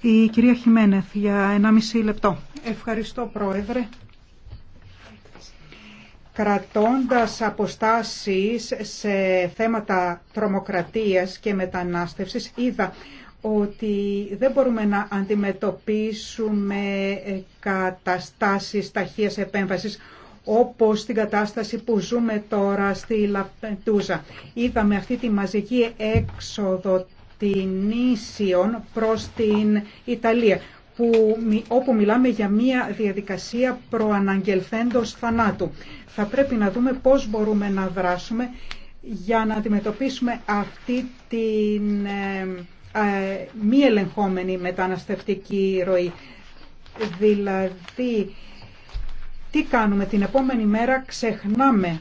Η κυρία Χιμένεθ για 1,5 λεπτό. Ευχαριστώ πρόεδρε. Κρατώντας αποστάσεις σε θέματα τρομοκρατίας και μετανάστευσης, είδα ότι δεν μπορούμε να αντιμετωπίσουμε καταστάσεις ταχείας επέμβασης όπως την κατάσταση που ζούμε τώρα στη Λαπεντούζα. Είδαμε αυτή τη μαζική έξοδο Ίσιον προς την Ιταλία, που, όπου μιλάμε για μια διαδικασία προαναγγελθέντος θανάτου. Θα πρέπει να δούμε πώς μπορούμε να δράσουμε για να αντιμετωπίσουμε αυτή την ε, ε, μη ελεγχόμενη μεταναστευτική ροή. Δηλαδή τι κάνουμε την επόμενη μέρα, ξεχνάμε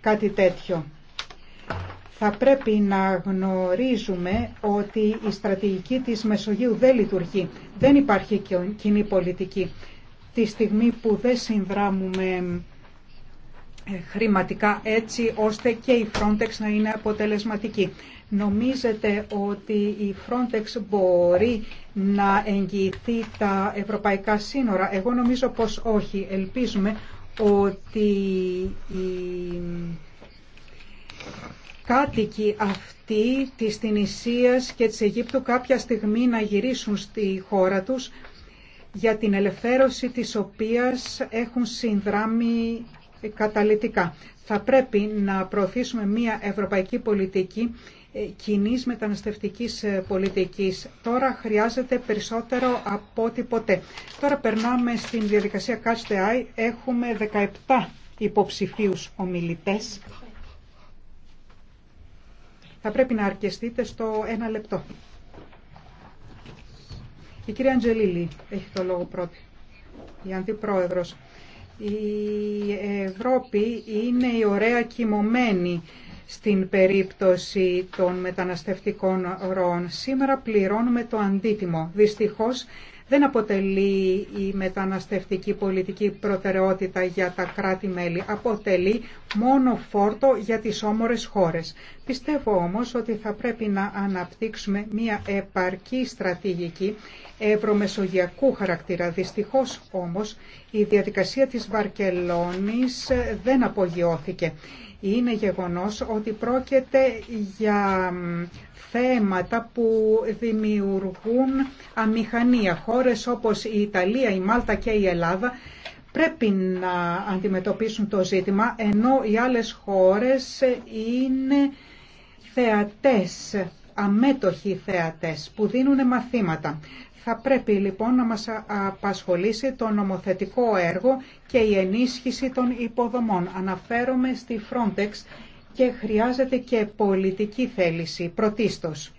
κάτι τέτοιο. Θα πρέπει να γνωρίζουμε ότι η στρατηγική της Μεσογείου δεν λειτουργεί. Δεν υπάρχει κοινή πολιτική. Τη στιγμή που δεν συνδράμουμε ε, χρηματικά έτσι ώστε και η Frontex να είναι αποτελεσματική. Νομίζετε ότι η Frontex μπορεί να εγγυηθεί τα ευρωπαϊκά σύνορα. Εγώ νομίζω πως όχι. Ελπίζουμε ότι οι κάτοικοι αυτοί της Τινησίας και της Αιγύπτου κάποια στιγμή να γυρίσουν στη χώρα τους για την ελευθέρωση της οποίας έχουν συνδράμει καταλητικά. Θα πρέπει να προωθήσουμε μια ευρωπαϊκή πολιτική ε, κοινή μεταναστευτικής ε, πολιτικής. Τώρα χρειάζεται περισσότερο από ό,τι ποτέ. Τώρα περνάμε στην διαδικασία Catch the Eye. Έχουμε 17 υποψηφίους ομιλητές. Θα πρέπει να αρκεστείτε στο ένα λεπτό. Η κυρία Αντζελίλη έχει το λόγο πρώτη, η αντιπρόεδρος. Η Ευρώπη είναι η ωραία κοιμωμένη στην περίπτωση των μεταναστευτικών ροών. Σήμερα πληρώνουμε το αντίτιμο. Δυστυχώς δεν αποτελεί η μεταναστευτική πολιτική προτεραιότητα για τα κράτη-μέλη. Αποτελεί μόνο φόρτο για τις όμορες χώρες. Πιστεύω όμως ότι θα πρέπει να αναπτύξουμε μια επαρκή στρατηγική ευρωμεσογειακού χαρακτήρα. Δυστυχώς όμως η διαδικασία της Βαρκελόνης δεν απογειώθηκε. Είναι γεγονός ότι πρόκειται για θέματα που δημιουργούν αμηχανία. Χώρες όπως η Ιταλία, η Μάλτα και η Ελλάδα πρέπει να αντιμετωπίσουν το ζήτημα, ενώ οι άλλες χώρες είναι θεατές, αμέτωχοι θεατές που δίνουν μαθήματα. Θα πρέπει λοιπόν να μας απασχολήσει το νομοθετικό έργο και η ενίσχυση των υποδομών. Αναφέρομαι στη Frontex και χρειάζεται και πολιτική θέληση, πρωτίστως.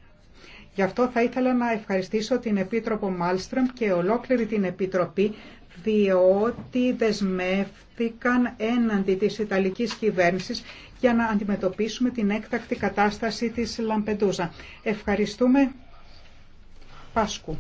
Γι' αυτό θα ήθελα να ευχαριστήσω την Επίτροπο Μάλστρομ και ολόκληρη την Επιτροπή, διότι δεσμεύτηκαν έναντι της Ιταλικής κυβέρνησης για να αντιμετωπίσουμε την έκτακτη κατάσταση της Λαμπεντούζα. Ευχαριστούμε. Πάσκου.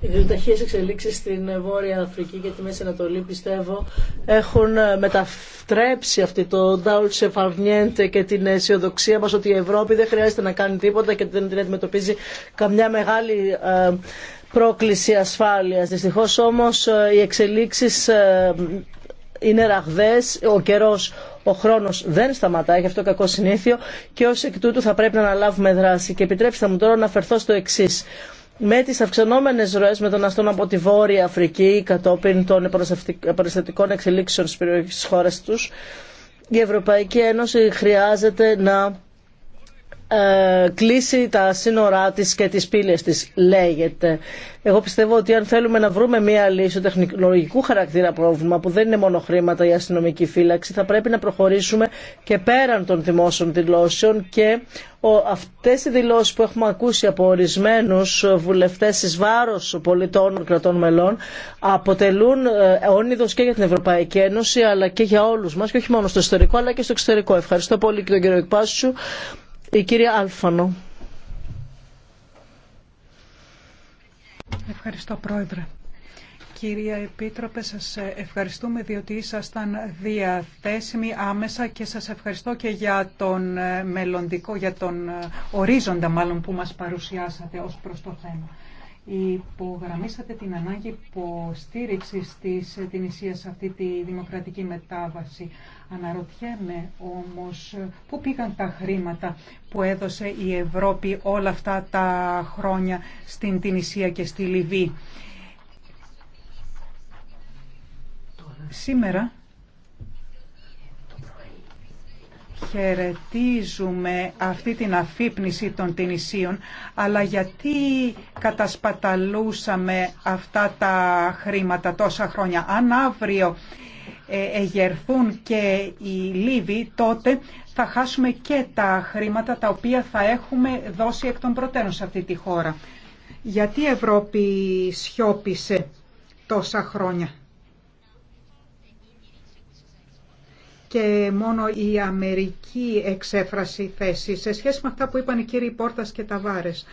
Οι γρηταχίε εξελίξει στην Βόρεια Αφρική και τη Μέση Ανατολή πιστεύω έχουν ε, μεταφτρέψει αυτή το ντάουλτσε φαρνιέντε και την αισιοδοξία μα ότι η Ευρώπη δεν χρειάζεται να κάνει τίποτα και δεν την αντιμετωπίζει καμιά μεγάλη ε, πρόκληση ασφάλεια. Δυστυχώ όμω ε, οι εξελίξει είναι ραγδαίες, ο καιρός, ο χρόνος δεν σταματάει, γι' αυτό κακό συνήθιο και ως εκ τούτου θα πρέπει να αναλάβουμε δράση. Και επιτρέψτε μου τώρα να αφαιρθώ στο εξή. Με τις αυξανόμενες ροές μεταναστών από τη Βόρεια Αφρική κατόπιν των προστατικών εξελίξεων στις περιοχές της χώρας τους, η Ευρωπαϊκή Ένωση χρειάζεται να ε, κλείσει τα σύνορά της και τις πύλες της, λέγεται. Εγώ πιστεύω ότι αν θέλουμε να βρούμε μία λύση τεχνολογικού χαρακτήρα πρόβλημα που δεν είναι μόνο χρήματα ή αστυνομική φύλαξη, θα πρέπει να προχωρήσουμε και πέραν των δημόσιων δηλώσεων και αυτές οι δηλώσεις που έχουμε ακούσει από ορισμένου βουλευτές εις βάρος πολιτών κρατών μελών αποτελούν ε, όνειδος και για την Ευρωπαϊκή Ένωση αλλά και για όλους μας και όχι μόνο στο ιστορικό αλλά και στο εξωτερικό. Ευχαριστώ πολύ και τον κύριο Εκπάσου η κυρία Άλφανο. Ευχαριστώ πρόεδρε. Κυρία Επίτροπε, σας ευχαριστούμε διότι ήσασταν διαθέσιμοι άμεσα και σας ευχαριστώ και για τον ε, μελλοντικό, για τον ε, ορίζοντα μάλλον που μας παρουσιάσατε ως προς το θέμα. Υπογραμμίσατε την ανάγκη υποστήριξη της ε, Τινησίας σε αυτή τη δημοκρατική μετάβαση. Αναρωτιέμαι όμως πού πήγαν τα χρήματα που έδωσε η Ευρώπη όλα αυτά τα χρόνια στην Τινησία και στη Λιβύη. Σήμερα χαιρετίζουμε αυτή την αφύπνιση των Τινησίων, αλλά γιατί κατασπαταλούσαμε αυτά τα χρήματα τόσα χρόνια. Αν αύριο ε, εγερθούν και οι Λίβοι, τότε θα χάσουμε και τα χρήματα τα οποία θα έχουμε δώσει εκ των προτέρων σε αυτή τη χώρα. Γιατί η Ευρώπη σιώπησε τόσα χρόνια. και μόνο η Αμερική εξέφρασε θέση σε σχέση με αυτά που είπαν οι κύριοι Πόρτας και Ταβάρες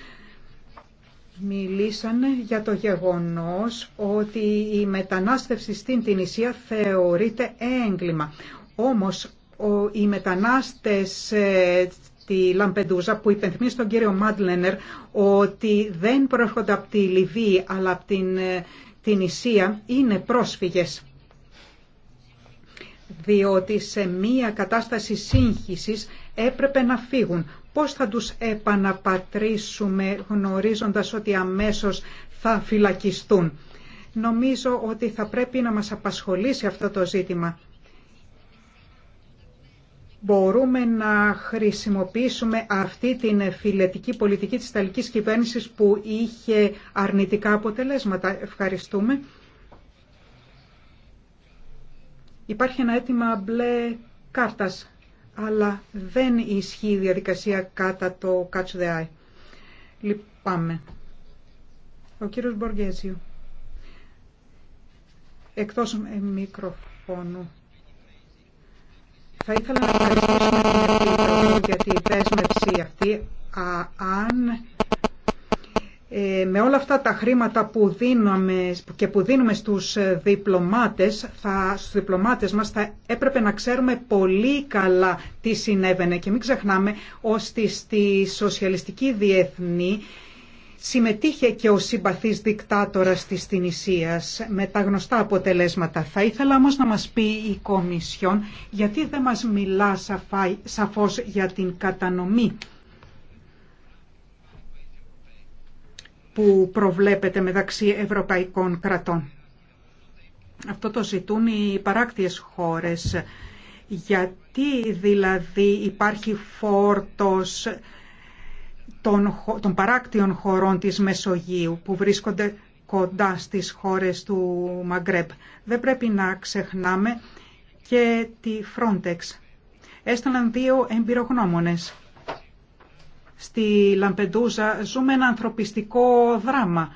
μιλήσανε για το γεγονός ότι η μετανάστευση στην Τινησία θεωρείται έγκλημα. Όμως ο, οι μετανάστες ε, τη Λαμπεντούζα που υπενθυμίζει στον κύριο Μάντλενερ ότι δεν προέρχονται από τη Λιβύη αλλά από την, ε, είναι πρόσφυγες διότι σε μία κατάσταση σύγχυσης έπρεπε να φύγουν. Πώς θα τους επαναπατρίσουμε γνωρίζοντας ότι αμέσως θα φυλακιστούν. Νομίζω ότι θα πρέπει να μας απασχολήσει αυτό το ζήτημα. Μπορούμε να χρησιμοποιήσουμε αυτή την φιλετική πολιτική της Ιταλικής κυβέρνησης που είχε αρνητικά αποτελέσματα. Ευχαριστούμε. Υπάρχει ένα αίτημα μπλε κάρτας, αλλά δεν ισχύει η διαδικασία κατά το catch the eye. Λυπάμαι. Ο κύριος Μποργέζιου. Εκτός μικροφώνου. Θα ήθελα να ευχαριστήσω την για τη δέσμευση αυτή. Α, αν ε, με όλα αυτά τα χρήματα που δίνουμε και που δίνουμε στους ε, διπλωμάτες, θα, στους διπλωμάτες μας θα έπρεπε να ξέρουμε πολύ καλά τι συνέβαινε και μην ξεχνάμε ότι στη Σοσιαλιστική Διεθνή συμμετείχε και ο συμπαθής δικτάτορας της Τινησίας με τα γνωστά αποτελέσματα. Θα ήθελα όμως να μας πει η Κομισιόν γιατί δεν μας μιλά σαφώς για την κατανομή που προβλέπεται μεταξύ ευρωπαϊκών κρατών. Αυτό το ζητούν οι παράκτιες χώρες. Γιατί δηλαδή υπάρχει φόρτος των, των παράκτιων χωρών της Μεσογείου που βρίσκονται κοντά στις χώρες του Μαγκρέμπ. Δεν πρέπει να ξεχνάμε και τη Frontex. Έσταναν δύο εμπειρογνώμονες στη Λαμπεντούζα ζούμε ένα ανθρωπιστικό δράμα.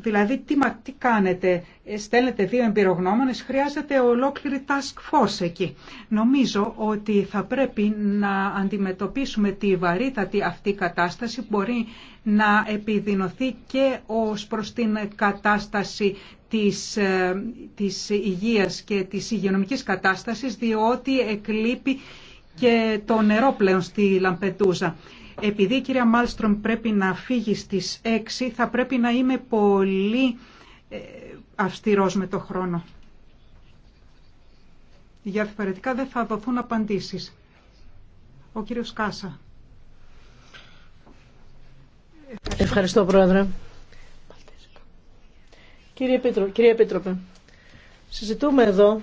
Δηλαδή, τι, τι κάνετε, ε, στέλνετε δύο εμπειρογνώμονες, χρειάζεται ολόκληρη task force εκεί. Νομίζω ότι θα πρέπει να αντιμετωπίσουμε τη βαρύτατη αυτή κατάσταση που μπορεί να επιδεινωθεί και ως προς την κατάσταση της, ε, της υγείας και της υγειονομικής κατάστασης, διότι εκλείπει και το νερό πλέον στη Λαμπετούζα. Επειδή η κυρία Μάλστρομ πρέπει να φύγει στις 6, θα πρέπει να είμαι πολύ ε, αυστηρός με το χρόνο. Για διαφορετικά δεν θα δοθούν απαντήσεις. Ο κύριος Κάσα. Ευχαριστώ, Πρόεδρε. Κύριε, κύριε Επίτροπε, συζητούμε εδώ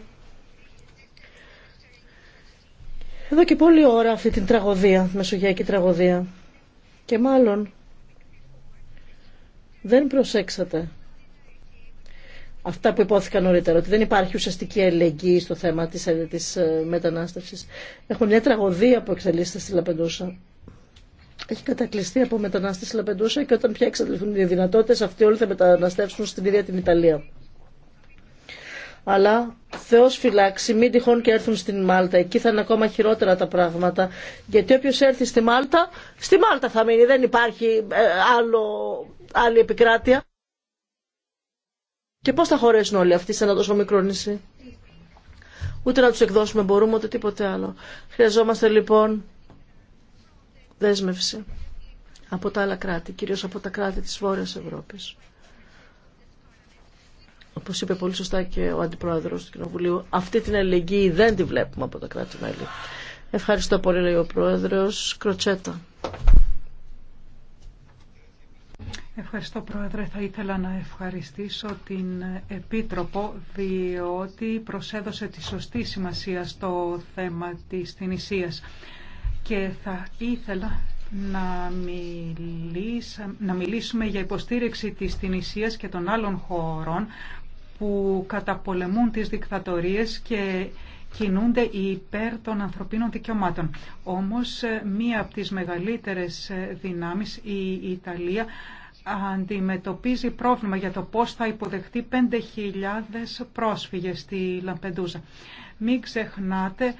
εδώ και πολλή ώρα αυτή την τραγωδία, μεσογειακή τραγωδία. Και μάλλον δεν προσέξατε αυτά που υπόθηκαν νωρίτερα, ότι δεν υπάρχει ουσιαστική ελεγγύη στο θέμα της, ε, της ε, μετανάστευσης. Έχουμε μια τραγωδία που εξελίσσεται στη Λαπεντούσα. Έχει κατακλειστεί από μετανάστες στη Λαπεντούσα και όταν πια εξαντληθούν οι δυνατότητες αυτοί όλοι θα μεταναστεύσουν στην ίδια την Ιταλία αλλά Θεός φυλάξει, μην τυχόν και έρθουν στην Μάλτα. Εκεί θα είναι ακόμα χειρότερα τα πράγματα. Γιατί όποιο έρθει στη Μάλτα, στη Μάλτα θα μείνει. Δεν υπάρχει ε, άλλο, άλλη επικράτεια. Και πώς θα χωρέσουν όλοι αυτοί σε ένα τόσο μικρό νησί. Ούτε να τους εκδώσουμε μπορούμε, ούτε τίποτε άλλο. Χρειαζόμαστε λοιπόν δέσμευση από τα άλλα κράτη, κυρίως από τα κράτη της Βόρειας Ευρώπης. Όπω είπε πολύ σωστά και ο Αντιπρόεδρος του Κοινοβουλίου, αυτή την αλληλεγγύη δεν τη βλέπουμε από τα κράτη-μέλη. Ευχαριστώ πολύ, λέει ο Πρόεδρος. Κροτσέτα. Ευχαριστώ Πρόεδρε. Θα ήθελα να ευχαριστήσω την Επίτροπο διότι προσέδωσε τη σωστή σημασία στο θέμα της θυνησίας και θα ήθελα να, μιλήσουμε, να μιλήσουμε για υποστήριξη της θυνησίας και των άλλων χωρών που καταπολεμούν τις δικτατορίες και κινούνται υπέρ των ανθρωπίνων δικαιωμάτων. Όμως ε, μία από τις μεγαλύτερες ε, δυνάμεις, η Ιταλία, αντιμετωπίζει πρόβλημα για το πώς θα υποδεχτεί 5.000 πρόσφυγες στη Λαμπεντούζα. Μην ξεχνάτε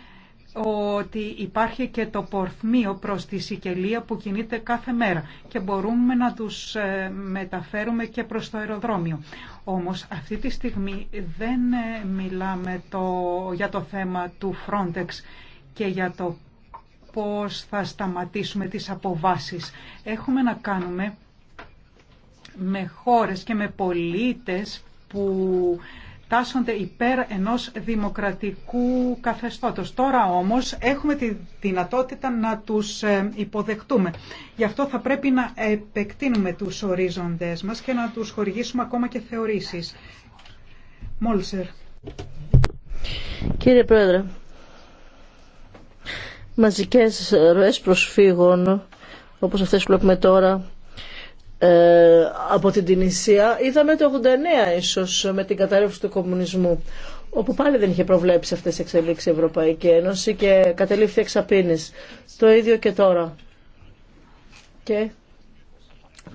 ότι υπάρχει και το πορθμίο προς τη Σικελία που κινείται κάθε μέρα και μπορούμε να τους ε, μεταφέρουμε και προς το αεροδρόμιο. Όμως αυτή τη στιγμή δεν ε, μιλάμε το, για το θέμα του Frontex και για το πώς θα σταματήσουμε τις αποβάσεις. Έχουμε να κάνουμε με χώρες και με πολίτες που τάσσονται υπέρ ενός δημοκρατικού καθεστώτος. Τώρα όμως έχουμε τη δυνατότητα να τους ε, υποδεχτούμε. Γι' αυτό θα πρέπει να επεκτείνουμε τους ορίζοντές μας και να τους χορηγήσουμε ακόμα και θεωρήσεις. Μόλσερ. Κύριε Πρόεδρε, μαζικές ροές προσφύγων όπως αυτές που βλέπουμε τώρα ε, από την Τινησία. Είδαμε το 89 ίσως με την κατάρρευση του κομμουνισμού όπου πάλι δεν είχε προβλέψει αυτές τις εξελίξεις η Ευρωπαϊκή Ένωση και κατελήφθη εξαπίνης. Το ίδιο και τώρα. Και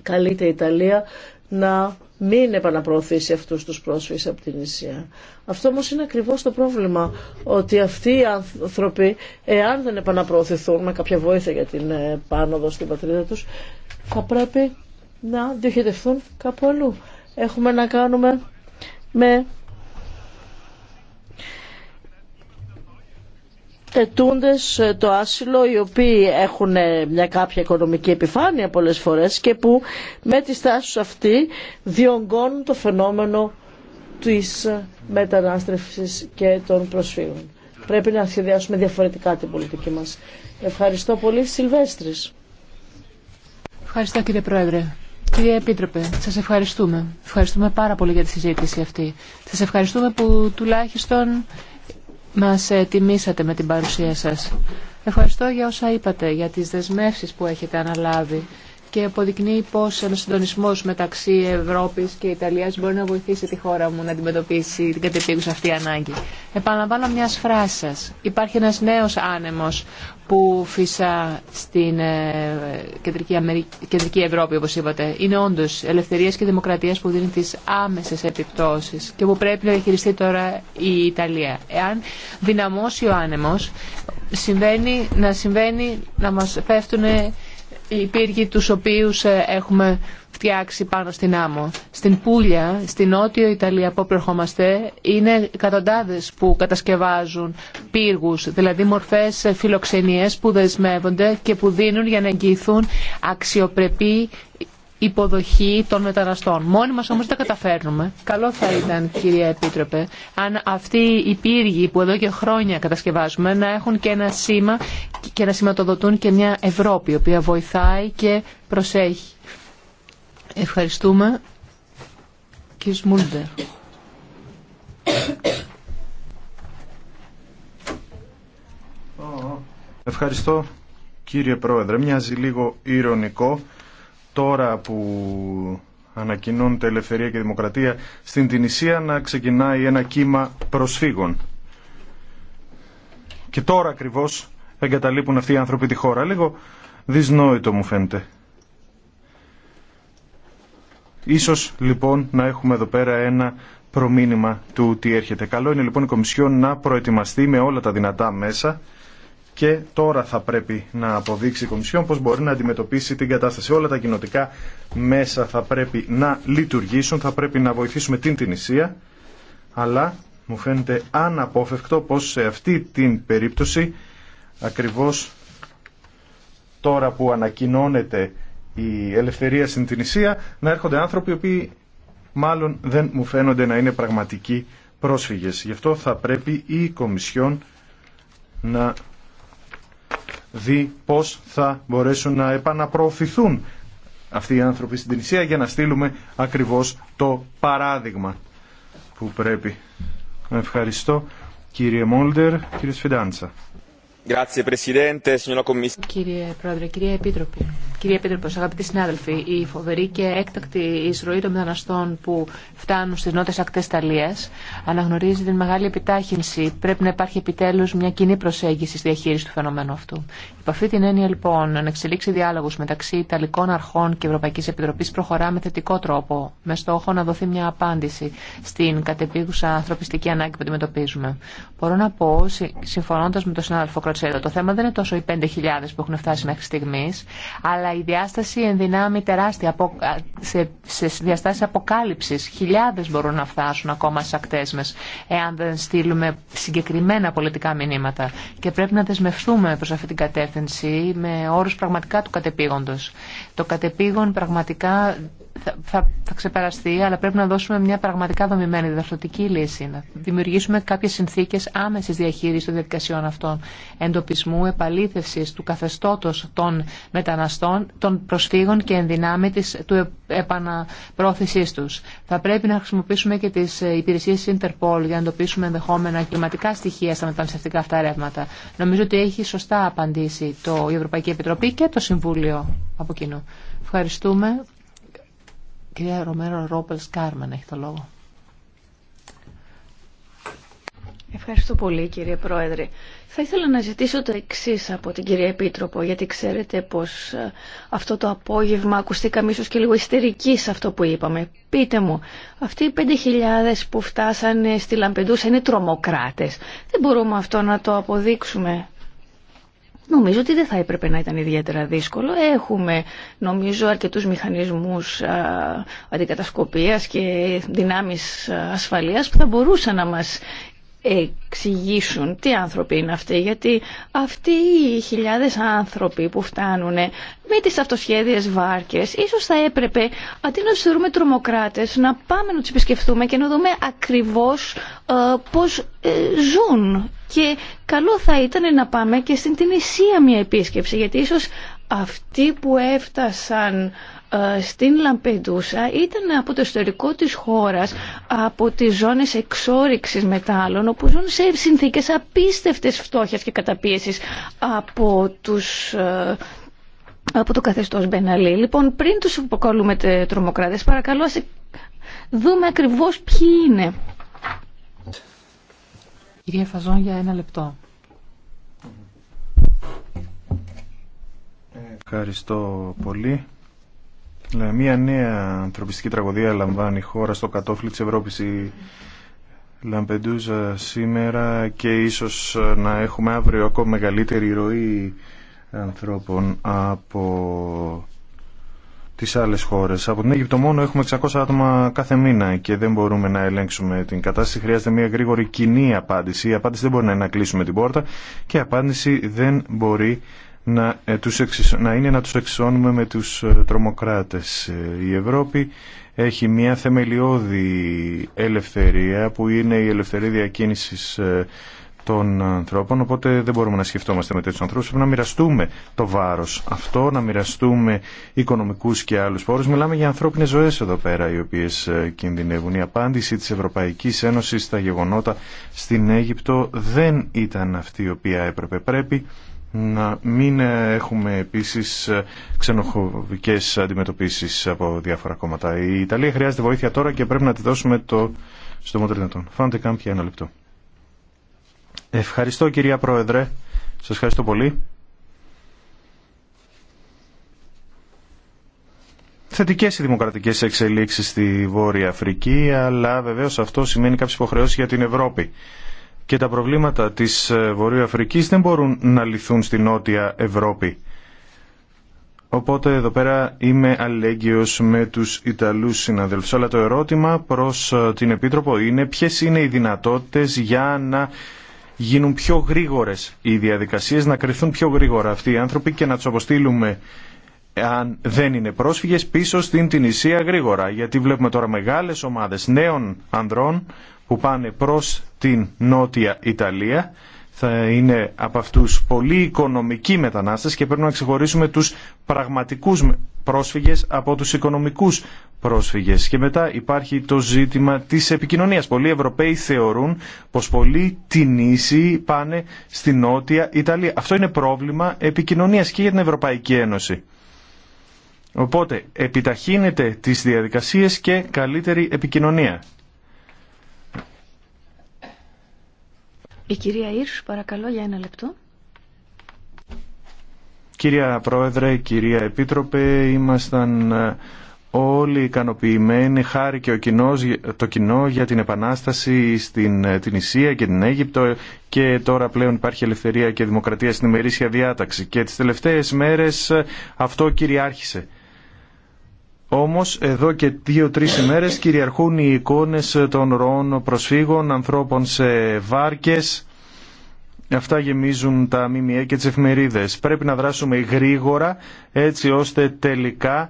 καλείται η Ιταλία να μην επαναπροωθήσει αυτούς τους πρόσφυγες από την Ισία. Αυτό όμως είναι ακριβώς το πρόβλημα, ότι αυτοί οι άνθρωποι, εάν δεν επαναπροωθηθούν με κάποια βοήθεια για την ε, πάνωδο στην πατρίδα τους, θα πρέπει να διοχετευτούν κάπου αλλού. Έχουμε να κάνουμε με ετούντες ε, το άσυλο οι οποίοι έχουν ε, μια κάποια οικονομική επιφάνεια πολλές φορές και που με τη στάση αυτή διονγκώνουν το φαινόμενο της ε, μετανάστευσης και των προσφύγων. Πρέπει να σχεδιάσουμε διαφορετικά την πολιτική μας. Ευχαριστώ πολύ Σιλβέστρης. Ευχαριστώ κύριε Πρόεδρε. Κύριε Επίτροπε, σας ευχαριστούμε. Ευχαριστούμε πάρα πολύ για τη συζήτηση αυτή. Σας ευχαριστούμε που τουλάχιστον μας ε, τιμήσατε με την παρουσία σας. Ευχαριστώ για όσα είπατε, για τις δεσμεύσεις που έχετε αναλάβει και αποδεικνύει πώς ένα συντονισμός μεταξύ Ευρώπης και Ιταλίας μπορεί να βοηθήσει τη χώρα μου να αντιμετωπίσει την κατεπίγουσα αυτή ανάγκη. Επαναλαμβάνω μιας φράσης Υπάρχει ένας νέος άνεμος που φύσα στην ε, κεντρική, Αμερική, κεντρική Ευρώπη, όπως είπατε. Είναι όντως ελευθερία και δημοκρατία που δίνει τις άμεσες επιπτώσεις και που πρέπει να διαχειριστεί τώρα η Ιταλία. Εάν δυναμώσει ο άνεμος, συμβαίνει, να συμβαίνει να μα πέφτουν οι πύργοι τους οποίους ε, έχουμε φτιάξει πάνω στην άμμο. Στην Πούλια, στην Νότιο Ιταλία από προερχόμαστε, είναι εκατοντάδες που κατασκευάζουν πύργους, δηλαδή μορφές ε, φιλοξενίες που δεσμεύονται και που δίνουν για να εγγυηθούν αξιοπρεπή υποδοχή των μεταναστών. Μόνοι μας όμως δεν τα καταφέρνουμε. Καλό θα ήταν, κυρία Επίτροπε, αν αυτοί οι πύργοι που εδώ και χρόνια κατασκευάζουμε να έχουν και ένα σήμα και να σηματοδοτούν και μια Ευρώπη, η οποία βοηθάει και προσέχει. Ευχαριστούμε. Κύριε Σμούλντερ. Ευχαριστώ κύριε Πρόεδρε. Μοιάζει λίγο ηρωνικό τώρα που ανακοινώνεται ελευθερία και δημοκρατία στην Τινησία να ξεκινάει ένα κύμα προσφύγων. Και τώρα ακριβώς εγκαταλείπουν αυτοί οι άνθρωποι τη χώρα. Λίγο δυσνόητο μου φαίνεται. Ίσως λοιπόν να έχουμε εδώ πέρα ένα προμήνυμα του τι έρχεται. Καλό είναι λοιπόν η Κομισιόν να προετοιμαστεί με όλα τα δυνατά μέσα και τώρα θα πρέπει να αποδείξει η Κομισιόν πώς μπορεί να αντιμετωπίσει την κατάσταση. Όλα τα κοινοτικά μέσα θα πρέπει να λειτουργήσουν, θα πρέπει να βοηθήσουμε την Τινησία, αλλά μου φαίνεται αναπόφευκτο πως σε αυτή την περίπτωση ακριβώς τώρα που ανακοινώνεται η ελευθερία στην Τινησία να έρχονται άνθρωποι οι οποίοι μάλλον δεν μου φαίνονται να είναι πραγματικοί πρόσφυγες. Γι' αυτό θα πρέπει η Κομισιόν να δει πώς θα μπορέσουν να επαναπροωθηθούν αυτοί οι άνθρωποι στην Τινησία για να στείλουμε ακριβώς το παράδειγμα που πρέπει. Ευχαριστώ κύριε Μόλτερ, κύριε Σφιντάντσα. Κύριε Πρόεδρε, κύριε Επίτροπε, κύριε Επίτροπε, αγαπητοί συνάδελφοι, η φοβερή και έκτακτη εισρωή των μεταναστών που φτάνουν στι νότιε ακτέ Ιταλία αναγνωρίζει την μεγάλη επιτάχυνση. Πρέπει να υπάρχει επιτέλου μια κοινή προσέγγιση στη διαχείριση του φαινομένου αυτού. Υπό αυτή την έννοια, λοιπόν, να εξελίξει διάλογο μεταξύ Ιταλικών Αρχών και Ευρωπαϊκή Επιτροπή προχωρά με θετικό τρόπο, με στόχο να δοθεί μια απάντηση στην κατεπίγουσα ανθρωπιστική ανάγκη που αντιμετωπίζουμε. Μπορώ να πω, συμφωνώντα με τον συνάδελφο το θέμα δεν είναι τόσο οι 5.000 που έχουν φτάσει μέχρι στιγμή, αλλά η διάσταση ενδυνάμει τεράστια σε, σε διαστάσει αποκάλυψη. Χιλιάδε μπορούν να φτάσουν ακόμα στι ακτέ μα, εάν δεν στείλουμε συγκεκριμένα πολιτικά μηνύματα. Και πρέπει να δεσμευτούμε προ αυτή την κατεύθυνση με όρου πραγματικά του κατεπήγοντο. Το κατεπήγον πραγματικά θα, θα ξεπεραστεί, αλλά πρέπει να δώσουμε μια πραγματικά δομημένη διδαχτική λύση. Να δημιουργήσουμε κάποιε συνθήκε άμεση διαχείριση των διαδικασιών αυτών. Εντοπισμού, επαλήθευση του καθεστώτο των μεταναστών, των προσφύγων και ενδυνάμει του επαναπρόθεσή του. Θα πρέπει να χρησιμοποιήσουμε και τι ε, υπηρεσίε Interpol για να εντοπίσουμε ενδεχόμενα κλιματικά στοιχεία στα μεταναστευτικά αυτά ρεύματα. Νομίζω ότι έχει σωστά απαντήσει το, η Ευρωπαϊκή Επιτροπή και το Συμβούλιο από κοινού. Ευχαριστούμε. Κυρία Ρομέρο Ρόπελ Κάρμεν έχει το λόγο. Ευχαριστώ πολύ κύριε Πρόεδρε. Θα ήθελα να ζητήσω το εξή από την κυρία Επίτροπο, γιατί ξέρετε πως ε, αυτό το απόγευμα ακουστήκαμε ίσως και λίγο ιστερική σε αυτό που είπαμε. Πείτε μου, αυτοί οι 5.000 που φτάσανε στη Λαμπεντούσα είναι τρομοκράτες. Δεν μπορούμε αυτό να το αποδείξουμε. Νομίζω ότι δεν θα έπρεπε να ήταν ιδιαίτερα δύσκολο. Έχουμε, νομίζω, αρκετούς μηχανισμούς αντικατασκοπίας και δυνάμεις ασφαλείας που θα μπορούσαν να μας εξηγήσουν τι άνθρωποι είναι αυτοί γιατί αυτοί οι χιλιάδες άνθρωποι που φτάνουν με τις αυτοσχέδιες βάρκες ίσως θα έπρεπε αντί να τους θεωρούμε τρομοκράτες να πάμε να τους επισκεφθούμε και να δούμε ακριβώς ε, πώς ε, ζουν και καλό θα ήταν να πάμε και στην Τινησία μια επίσκεψη γιατί ίσως αυτοί που έφτασαν ε, στην Λαμπεντούσα ήταν από το ιστορικό της χώρας, από τις ζώνες εξόριξης μετάλλων, όπου ζουν σε συνθήκες απίστευτες φτώχειας και καταπίεσης από τους ε, από το καθεστώς Μπεναλή. Λοιπόν, πριν τους αποκαλούμε τρομοκράτες, παρακαλώ ας δούμε ακριβώς ποιοι είναι. Κυρία Φαζόν, για ένα λεπτό. Ευχαριστώ πολύ. Ναι, μια νέα ανθρωπιστική τραγωδία λαμβάνει η χώρα στο κατόφλι της Ευρώπης η Λαμπεντούζα σήμερα και ίσως να έχουμε αύριο ακόμα μεγαλύτερη ροή ανθρώπων από τις άλλες χώρες. Από την Αίγυπτο μόνο έχουμε 600 άτομα κάθε μήνα και δεν μπορούμε να ελέγξουμε την κατάσταση. Χρειάζεται μια γρήγορη κοινή απάντηση. Η απάντηση δεν μπορεί να είναι να κλείσουμε την πόρτα και η απάντηση δεν μπορεί να, ε, τους εξισ... να είναι να τους εξισώνουμε με τους ε, τρομοκράτες. Ε, η Ευρώπη έχει μια θεμελιώδη ελευθερία που είναι η ελευθερία διακίνησης των ανθρώπων, οπότε δεν μπορούμε να σκεφτόμαστε με τέτοιου ανθρώπου. Πρέπει να μοιραστούμε το βάρο αυτό, να μοιραστούμε οικονομικού και άλλου πόρου. Μιλάμε για ανθρώπινε ζωέ εδώ πέρα, οι οποίε κινδυνεύουν. Η απάντηση τη Ευρωπαϊκή Ένωση στα γεγονότα στην Αίγυπτο δεν ήταν αυτή η οποία έπρεπε. Πρέπει να μην έχουμε επίσης ε, ξενοχωρικές αντιμετωπίσεις από διάφορα κόμματα. Η Ιταλία χρειάζεται βοήθεια τώρα και πρέπει να τη δώσουμε το στο μοντρινατόν. Φάνονται κάποια ένα λεπτό. Ευχαριστώ κυρία Πρόεδρε. Σας ευχαριστώ πολύ. Θετικές οι δημοκρατικές εξελίξεις στη Βόρεια Αφρική, αλλά βεβαίω αυτό σημαίνει κάποιε υποχρεώσει για την Ευρώπη και τα προβλήματα της ε, Βορείου Αφρικής δεν μπορούν να λυθούν στη Νότια Ευρώπη. Οπότε εδώ πέρα είμαι αλληλέγγυος με τους Ιταλούς συναδέλφους. Αλλά το ερώτημα προς ε, την Επίτροπο είναι ποιες είναι οι δυνατότητες για να γίνουν πιο γρήγορες οι διαδικασίες, να κρυθούν πιο γρήγορα αυτοί οι άνθρωποι και να τους αποστείλουμε αν δεν είναι πρόσφυγες πίσω στην Τινησία γρήγορα. Γιατί βλέπουμε τώρα μεγάλες ομάδες νέων ανδρών που πάνε προς την Νότια Ιταλία θα είναι από αυτούς πολύ οικονομικοί μετανάστες και πρέπει να ξεχωρίσουμε τους πραγματικούς πρόσφυγες από τους οικονομικούς πρόσφυγες. Και μετά υπάρχει το ζήτημα της επικοινωνίας. Πολλοί Ευρωπαίοι θεωρούν πως πολλοί την ίση πάνε στη Νότια Ιταλία. Αυτό είναι πρόβλημα επικοινωνίας και για την Ευρωπαϊκή Ένωση. Οπότε επιταχύνεται τις διαδικασίες και καλύτερη επικοινωνία. Η κυρία Ήρς, παρακαλώ για ένα λεπτό. Κυρία Πρόεδρε, κυρία Επίτροπε, ήμασταν ε, όλοι ικανοποιημένοι, χάρη και το κοινό για την επανάσταση στην ε, την Ισία και την Αίγυπτο ε, και τώρα πλέον υπάρχει ελευθερία και δημοκρατία στην ημερήσια διάταξη. Και τις τελευταίες μέρες αυτό κυριάρχησε. Όμως εδώ και δύο-τρεις ημέρες κυριαρχούν οι εικόνες των ροών προσφύγων, ανθρώπων σε βάρκες. Αυτά γεμίζουν τα ΜΜΕ και τις εφημερίδες. Πρέπει να δράσουμε γρήγορα έτσι ώστε τελικά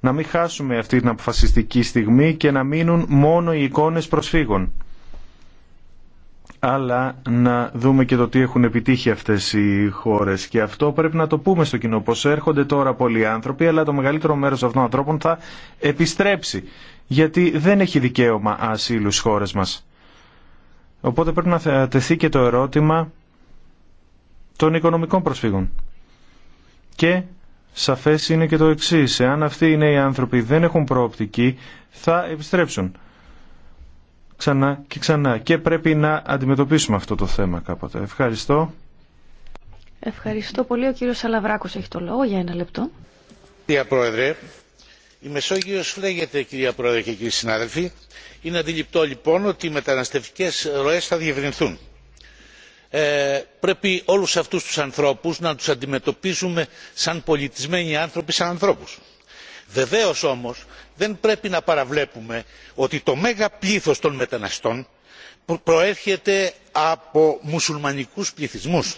να μην χάσουμε αυτή την αποφασιστική στιγμή και να μείνουν μόνο οι εικόνες προσφύγων αλλά να δούμε και το τι έχουν επιτύχει αυτές οι χώρες. Και αυτό πρέπει να το πούμε στο κοινό, πως έρχονται τώρα πολλοί άνθρωποι, αλλά το μεγαλύτερο μέρος αυτών των ανθρώπων θα επιστρέψει, γιατί δεν έχει δικαίωμα ασύλου στις χώρες μας. Οπότε πρέπει να τεθεί και το ερώτημα των οικονομικών προσφύγων. Και σαφές είναι και το εξής, εάν αυτοί οι νέοι άνθρωποι δεν έχουν προοπτική, θα επιστρέψουν ξανά και ξανά και πρέπει να αντιμετωπίσουμε αυτό το θέμα κάποτε. Ευχαριστώ. Ευχαριστώ πολύ. Ο κύριος Σαλαβράκος έχει το λόγο για ένα λεπτό. Κυρία Πρόεδρε, η Μεσόγειος λέγεται, κυρία Πρόεδρε και κύριοι συνάδελφοι, είναι αντιληπτό λοιπόν ότι οι μεταναστευτικές ροές θα διευρυνθούν. Ε, πρέπει όλους αυτούς τους ανθρώπους να τους αντιμετωπίζουμε σαν πολιτισμένοι άνθρωποι, σαν ανθρώπους. Βεβαίως όμως δεν πρέπει να παραβλέπουμε ότι το μέγα πλήθος των μεταναστών προέρχεται από μουσουλμανικούς πληθυσμούς.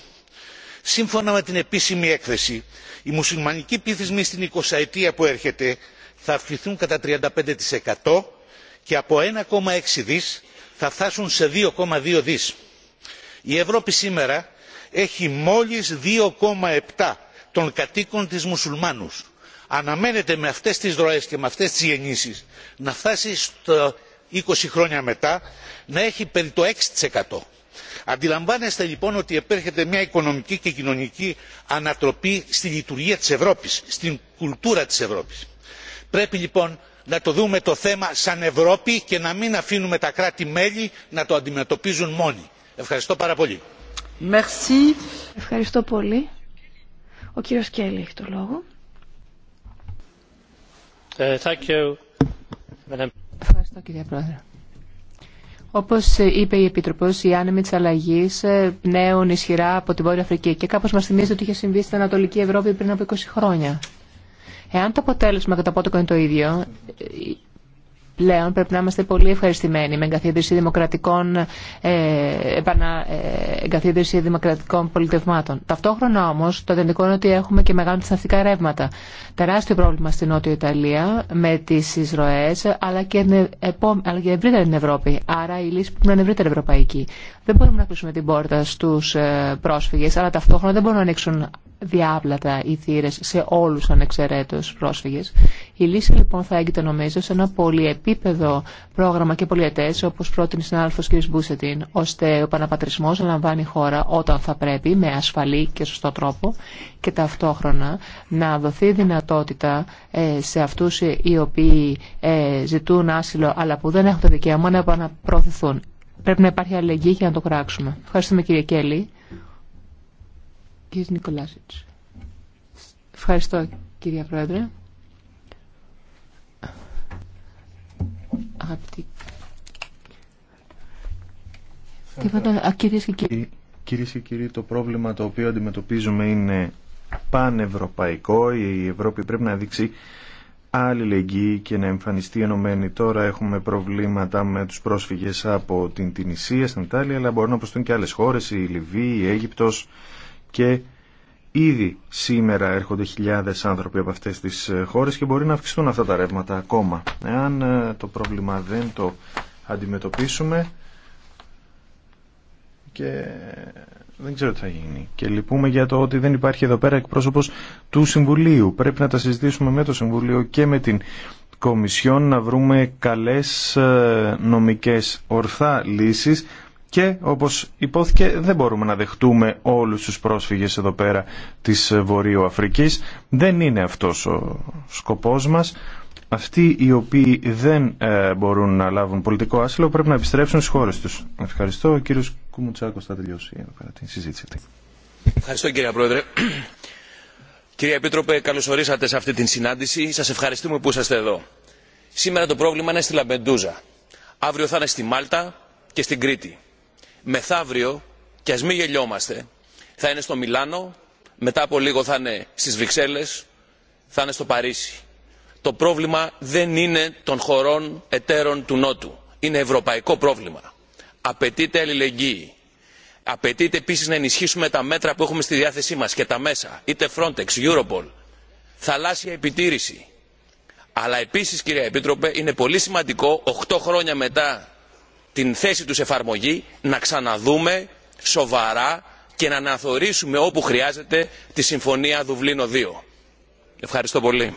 σύμφωνα με την επίσημη έκθεση οι μουσουλμανικοί πληθυσμοί στην εικοσαετία που έρχεται θα αυξηθούν κατά 35% και από 1,6 δις θα φτάσουν σε 2,2 δις. η ευρώπη σήμερα έχει μόλις 2,7 των κατοίκων της μουσουλμάνους αναμένεται με αυτές τις ροές και με αυτές τις γεννήσεις να φτάσει στο 20 χρόνια μετά να έχει περί το 6%. Αντιλαμβάνεστε λοιπόν ότι επέρχεται μια οικονομική και κοινωνική ανατροπή στη λειτουργία της Ευρώπης, στην κουλτούρα της Ευρώπης. Πρέπει λοιπόν να το δούμε το θέμα σαν Ευρώπη και να μην αφήνουμε τα κράτη-μέλη να το αντιμετωπίζουν μόνοι. Ευχαριστώ πάρα πολύ. Ευχαριστώ πολύ. Ο κύριος το λόγο. Ε, Ευχαριστώ κύριε Πρόεδρε. Όπως είπε η επίτροπο, η άνεμη τη αλλαγή πνέουν ε, ισχυρά από την Βόρεια Αφρική και κάπως μα θυμίζει ότι είχε συμβεί στην Ανατολική Ευρώπη πριν από 20 χρόνια. Εάν το αποτέλεσμα κατά πότε είναι το ίδιο, πλέον πρέπει να είμαστε πολύ ευχαριστημένοι με εγκαθίδρυση δημοκρατικών, ε, επανα, ε, εγκαθίδρυση δημοκρατικών πολιτευμάτων. Ταυτόχρονα όμω το αρνητικό είναι ότι έχουμε και μεγάλα ναυτικά ρεύματα. Τεράστιο πρόβλημα στην Νότια Ιταλία με τι εισρωέ, αλλά, και, ευρύτερα την Ευρώπη. Άρα η λύση πρέπει να είναι ευρύτερα ευρωπαϊκή. Δεν μπορούμε να κλείσουμε την πόρτα στου ε, πρόσφυγε, αλλά ταυτόχρονα δεν μπορούν να ανοίξουν διάπλατα οι θύρε σε όλου ανεξαιρέτω πρόσφυγε. Η λύση λοιπόν θα έγκυται νομίζω σε ένα πολυεπίπεδο πρόγραμμα και πολιετέ, όπω πρότεινε η συνάδελφο κ. Μπούσετιν, ώστε ο επαναπατρισμό να λαμβάνει χώρα όταν θα πρέπει, με ασφαλή και σωστό τρόπο, και ταυτόχρονα να δοθεί δυνατότητα ε, σε αυτού οι οποίοι ε, ζητούν άσυλο αλλά που δεν έχουν το δικαίωμα να επαναπροωθηθούν. Πρέπει να υπάρχει αλληλεγγύη για να το κράξουμε. Ευχαριστούμε κύριε Κέλλη. Ευχαριστώ κύριε Πρόεδρε. Αγαπητοί Κυρίες και κύριοι. Κυρίες και κύριοι, το πρόβλημα το οποίο αντιμετωπίζουμε είναι πανευρωπαϊκό. Η Ευρώπη πρέπει να δείξει άλλη αλληλεγγύη και να εμφανιστεί ενωμένη. Τώρα έχουμε προβλήματα με τους πρόσφυγες από την Τινησία στην Ιταλία, αλλά μπορούν να προσθούν και άλλες χώρες, η Λιβύη, η Αίγυπτος και ήδη σήμερα έρχονται χιλιάδες άνθρωποι από αυτές τις ε, χώρες και μπορεί να αυξηθούν αυτά τα ρεύματα ακόμα. Εάν ε, το πρόβλημα δεν το αντιμετωπίσουμε και δεν ξέρω τι θα γίνει. Και λυπούμε για το ότι δεν υπάρχει εδώ πέρα εκπρόσωπος του Συμβουλίου. Πρέπει να τα συζητήσουμε με το Συμβουλίο και με την Κομισιόν να βρούμε καλές ε, νομικές ορθά λύσεις και όπως υπόθηκε δεν μπορούμε να δεχτούμε όλους τους πρόσφυγες εδώ πέρα της Βορείου Αφρικής. Δεν είναι αυτός ο σκοπός μας. Αυτοί οι οποίοι δεν ε, μπορούν να λάβουν πολιτικό άσυλο πρέπει να επιστρέψουν στις χώρες τους. Ευχαριστώ. Ο κύριος Κουμουτσάκος θα τελειώσει ε, την συζήτηση αυτή. Ευχαριστώ κύριε Πρόεδρε. Κύριε Επίτροπε, καλώς ορίσατε σε αυτή την συνάντηση. Σας ευχαριστούμε που είσαστε εδώ. Σήμερα το πρόβλημα είναι στη Λαμπεντούζα. Αύριο θα είναι στη Μάλτα και στην Κρήτη μεθαύριο και ας μην γελιόμαστε θα είναι στο μιλάνο μετά από λίγο θα είναι στις βρυξέλλες θα είναι στο παρίσι. το πρόβλημα δεν είναι των χωρών εταίρων του νότου είναι ευρωπαϊκό πρόβλημα. απαιτείται αλληλεγγύη. απαιτείται επίση να ενισχύσουμε τα μέτρα που έχουμε στη διάθεσή μα και τα μέσα είτε frontex europol θαλάσσια επιτήρηση. αλλά επίση, κυρία επίτροπε είναι πολύ σημαντικό 8 χρόνια μετά την θέση τους εφαρμογή να ξαναδούμε σοβαρά και να αναθεωρήσουμε όπου χρειάζεται τη συμφωνία δουβλίνο 2. Ευχαριστώ πολύ.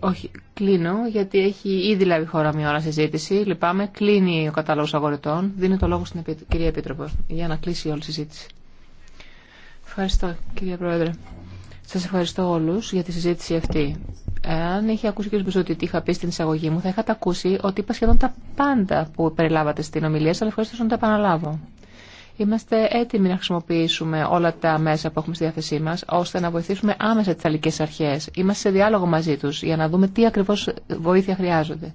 Όχι, κλείνω, γιατί έχει ήδη λάβει χώρα μια ώρα συζήτηση. Λυπάμαι, κλείνει ο κατάλογος αγορετών. Δίνω το λόγο στην κυρία Επίτροπο για να κλείσει όλη η συζήτηση. Ευχαριστώ κύριε Πρόεδρε. Σας ευχαριστώ όλους για τη συζήτηση αυτή. Αν είχε ακούσει ο κ. Μπουζούτη τι είχα πει στην εισαγωγή μου, θα είχατε ακούσει ότι είπα σχεδόν τα πάντα που περιλάβατε στην ομιλία σας, αλλά ευχαριστώ να τα επαναλάβω. Είμαστε έτοιμοι να χρησιμοποιήσουμε όλα τα μέσα που έχουμε στη διάθεσή μα, ώστε να βοηθήσουμε άμεσα τι αλληλικέ αρχέ. Είμαστε σε διάλογο μαζί του για να δούμε τι ακριβώ βοήθεια χρειάζονται.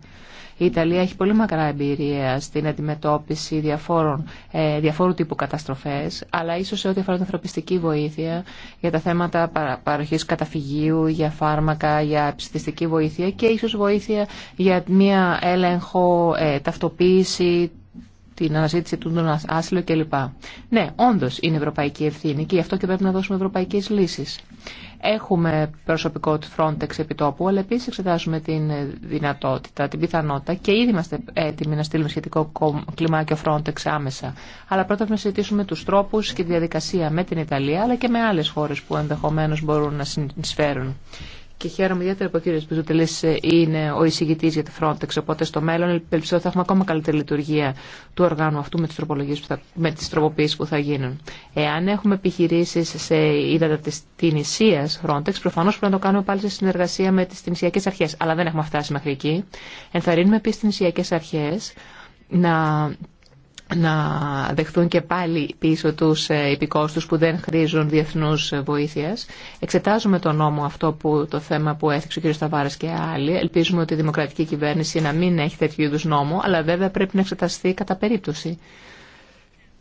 Η Ιταλία έχει πολύ μακρά εμπειρία στην αντιμετώπιση διαφόρων, ε, διαφόρου τύπου καταστροφέ, αλλά ίσως σε ό,τι αφορά την ανθρωπιστική βοήθεια για τα θέματα παροχής καταφυγίου, για φάρμακα, για ψηφιστική βοήθεια και ίσως βοήθεια για μια έλεγχο, ε, ταυτοποίηση την αναζήτηση του άσυλο κλπ. Ναι, όντω είναι ευρωπαϊκή ευθύνη και γι' αυτό και πρέπει να δώσουμε ευρωπαϊκέ λύσει. Έχουμε προσωπικό του Frontex επιτόπου, αλλά επίση εξετάζουμε την δυνατότητα, την πιθανότητα και ήδη είμαστε έτοιμοι να στείλουμε σχετικό κλιμάκιο Frontex άμεσα. Αλλά πρώτα πρέπει να συζητήσουμε του τρόπου και τη διαδικασία με την Ιταλία, αλλά και με άλλε χώρε που ενδεχομένω μπορούν να συνεισφέρουν και χαίρομαι ιδιαίτερα που ο κύριο Μπιζουτελή ε, είναι ο εισηγητή για τη Frontex. Οπότε στο μέλλον ελπίζω ότι θα έχουμε ακόμα καλύτερη λειτουργία του οργάνου αυτού με τι τροποποίησει που θα γίνουν. Εάν έχουμε επιχειρήσει σε ύδατα τη Τινησία Frontex, προφανώ πρέπει να το κάνουμε πάλι σε συνεργασία με τι Τινησιακέ Αρχέ. Αλλά δεν έχουμε φτάσει μέχρι εκεί. Ενθαρρύνουμε επίση τι Τινησιακέ Αρχέ να να δεχθούν και πάλι πίσω τους ε, υπηκόους τους που δεν χρήζουν διεθνούς βοήθειας. Εξετάζουμε το νόμο αυτό που το θέμα που έθιξε ο κ. Σταβάρας και άλλοι. Ελπίζουμε ότι η δημοκρατική κυβέρνηση να μην έχει τέτοιου είδους νόμο, αλλά βέβαια πρέπει να εξεταστεί κατά περίπτωση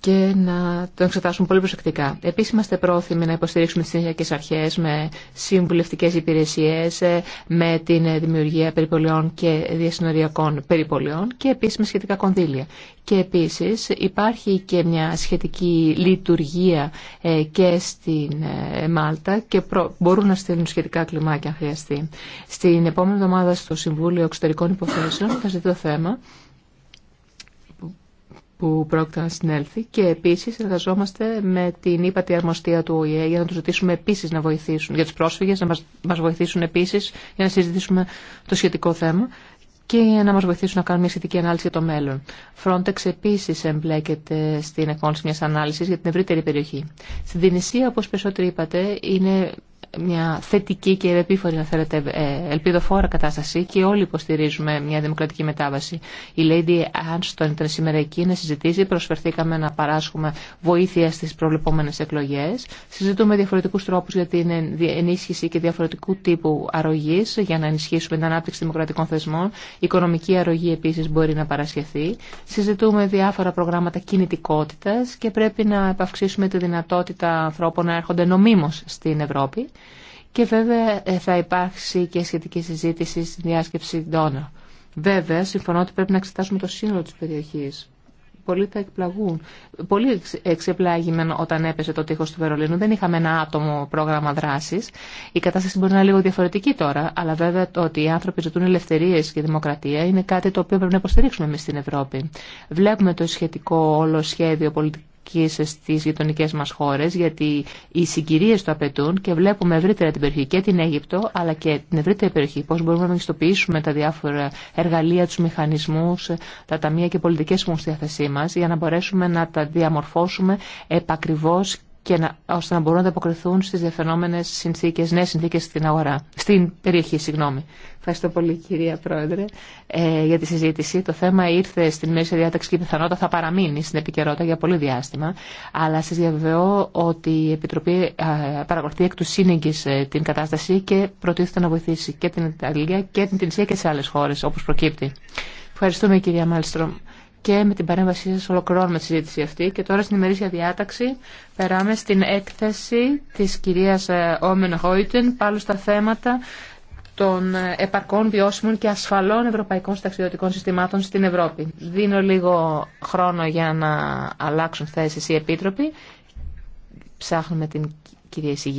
και να τον εξετάσουμε πολύ προσεκτικά. Επίση, είμαστε πρόθυμοι να υποστηρίξουμε τι συνεχιακέ αρχέ με συμβουλευτικέ υπηρεσίε, ε, με την δημιουργία περιπολιών και διασυνοριακών περιπολιών και επίση με σχετικά κονδύλια. Και επίση, υπάρχει και μια σχετική λειτουργία ε, και στην ε, Μάλτα και μπορούν να στείλουν σχετικά κλιμάκια αν χρειαστεί. Στην επόμενη εβδομάδα στο Συμβούλιο Εξωτερικών Υποθέσεων θα ζητήσω το θέμα που πρόκειται να συνέλθει και επίσης εργαζόμαστε με την ύπατη αρμοστία του ΟΗΕ για να τους ζητήσουμε επίσης να βοηθήσουν, για τους πρόσφυγες να μας, βοηθήσουν επίσης για να συζητήσουμε το σχετικό θέμα και να μας βοηθήσουν να κάνουμε μια σχετική ανάλυση για το μέλλον. Frontex επίσης εμπλέκεται στην εκπόνηση μιας ανάλυσης για την ευρύτερη περιοχή. Στην Δινησία, όπως περισσότερο είπατε, είναι μια θετική και επίφορη, να θέλετε, ε, ελπιδοφόρα κατάσταση και όλοι υποστηρίζουμε μια δημοκρατική μετάβαση. Η Lady Άνστον ήταν σήμερα εκεί να συζητήσει. Προσφερθήκαμε να παράσχουμε βοήθεια στις προβλεπόμενες εκλογές. Συζητούμε διαφορετικούς τρόπους για την ενίσχυση και διαφορετικού τύπου αρρωγής για να ενισχύσουμε την ανάπτυξη δημοκρατικών θεσμών. Η οικονομική αρρωγή επίσης μπορεί να παρασχεθεί. Συζητούμε διάφορα προγράμματα κινητικότητα και πρέπει να επαυξήσουμε τη δυνατότητα ανθρώπων να έρχονται νομίμω στην Ευρώπη και βέβαια ε, θα υπάρξει και σχετική συζήτηση στην διάσκεψη Ντόνα. Βέβαια, συμφωνώ ότι πρέπει να εξετάσουμε το σύνολο τη περιοχή. Πολλοί θα εκπλαγούν. Πολύ εξεπλάγημεν όταν έπεσε το τείχο του Βερολίνου. Δεν είχαμε ένα άτομο πρόγραμμα δράση. Η κατάσταση μπορεί να είναι λίγο διαφορετική τώρα, αλλά βέβαια ότι οι άνθρωποι ζητούν ελευθερίε και δημοκρατία είναι κάτι το οποίο πρέπει να υποστηρίξουμε εμεί στην Ευρώπη. Βλέπουμε το σχετικό όλο σχέδιο πολιτικό και στις γειτονικέ μας χώρες γιατί οι συγκυρίες το απαιτούν και βλέπουμε ευρύτερα την περιοχή και την Αίγυπτο αλλά και την ευρύτερη περιοχή πώς μπορούμε να μεγιστοποιήσουμε τα διάφορα εργαλεία, τους μηχανισμούς, τα ταμεία και πολιτικές που έχουν στη διάθεσή μας για να μπορέσουμε να τα διαμορφώσουμε επακριβώς και να, ώστε να μπορούν να ανταποκριθούν στις διαφαινόμενε συνθήκες, νέες συνθήκες στην αγορά, στην περιοχή, συγγνώμη. Ευχαριστώ πολύ κυρία Πρόεδρε ε, για τη συζήτηση. Το θέμα ήρθε στην μέση διάταξη και πιθανότητα θα παραμείνει στην επικαιρότητα για πολύ διάστημα. Αλλά σας διαβεβαιώ ότι η Επιτροπή ε, παρακολουθεί εκ του σύνεγγης ε, την κατάσταση και προτίθεται να βοηθήσει και την Ιταλία και την Τινησία και σε άλλες χώρες όπως προκύπτει. Ευχαριστούμε κυρία Μάλστρομ και με την παρέμβασή σας ολοκληρώνουμε τη συζήτηση αυτή και τώρα στην ημερήσια διάταξη περάμε στην έκθεση της κυρίας ε, Όμεν Χόιτεν πάλι στα θέματα των ε, επαρκών βιώσιμων και ασφαλών ευρωπαϊκών συνταξιδιωτικών συστημάτων στην Ευρώπη. Δίνω λίγο χρόνο για να αλλάξουν θέσεις οι επίτροποι. Ψάχνουμε την κυρία Σιγή.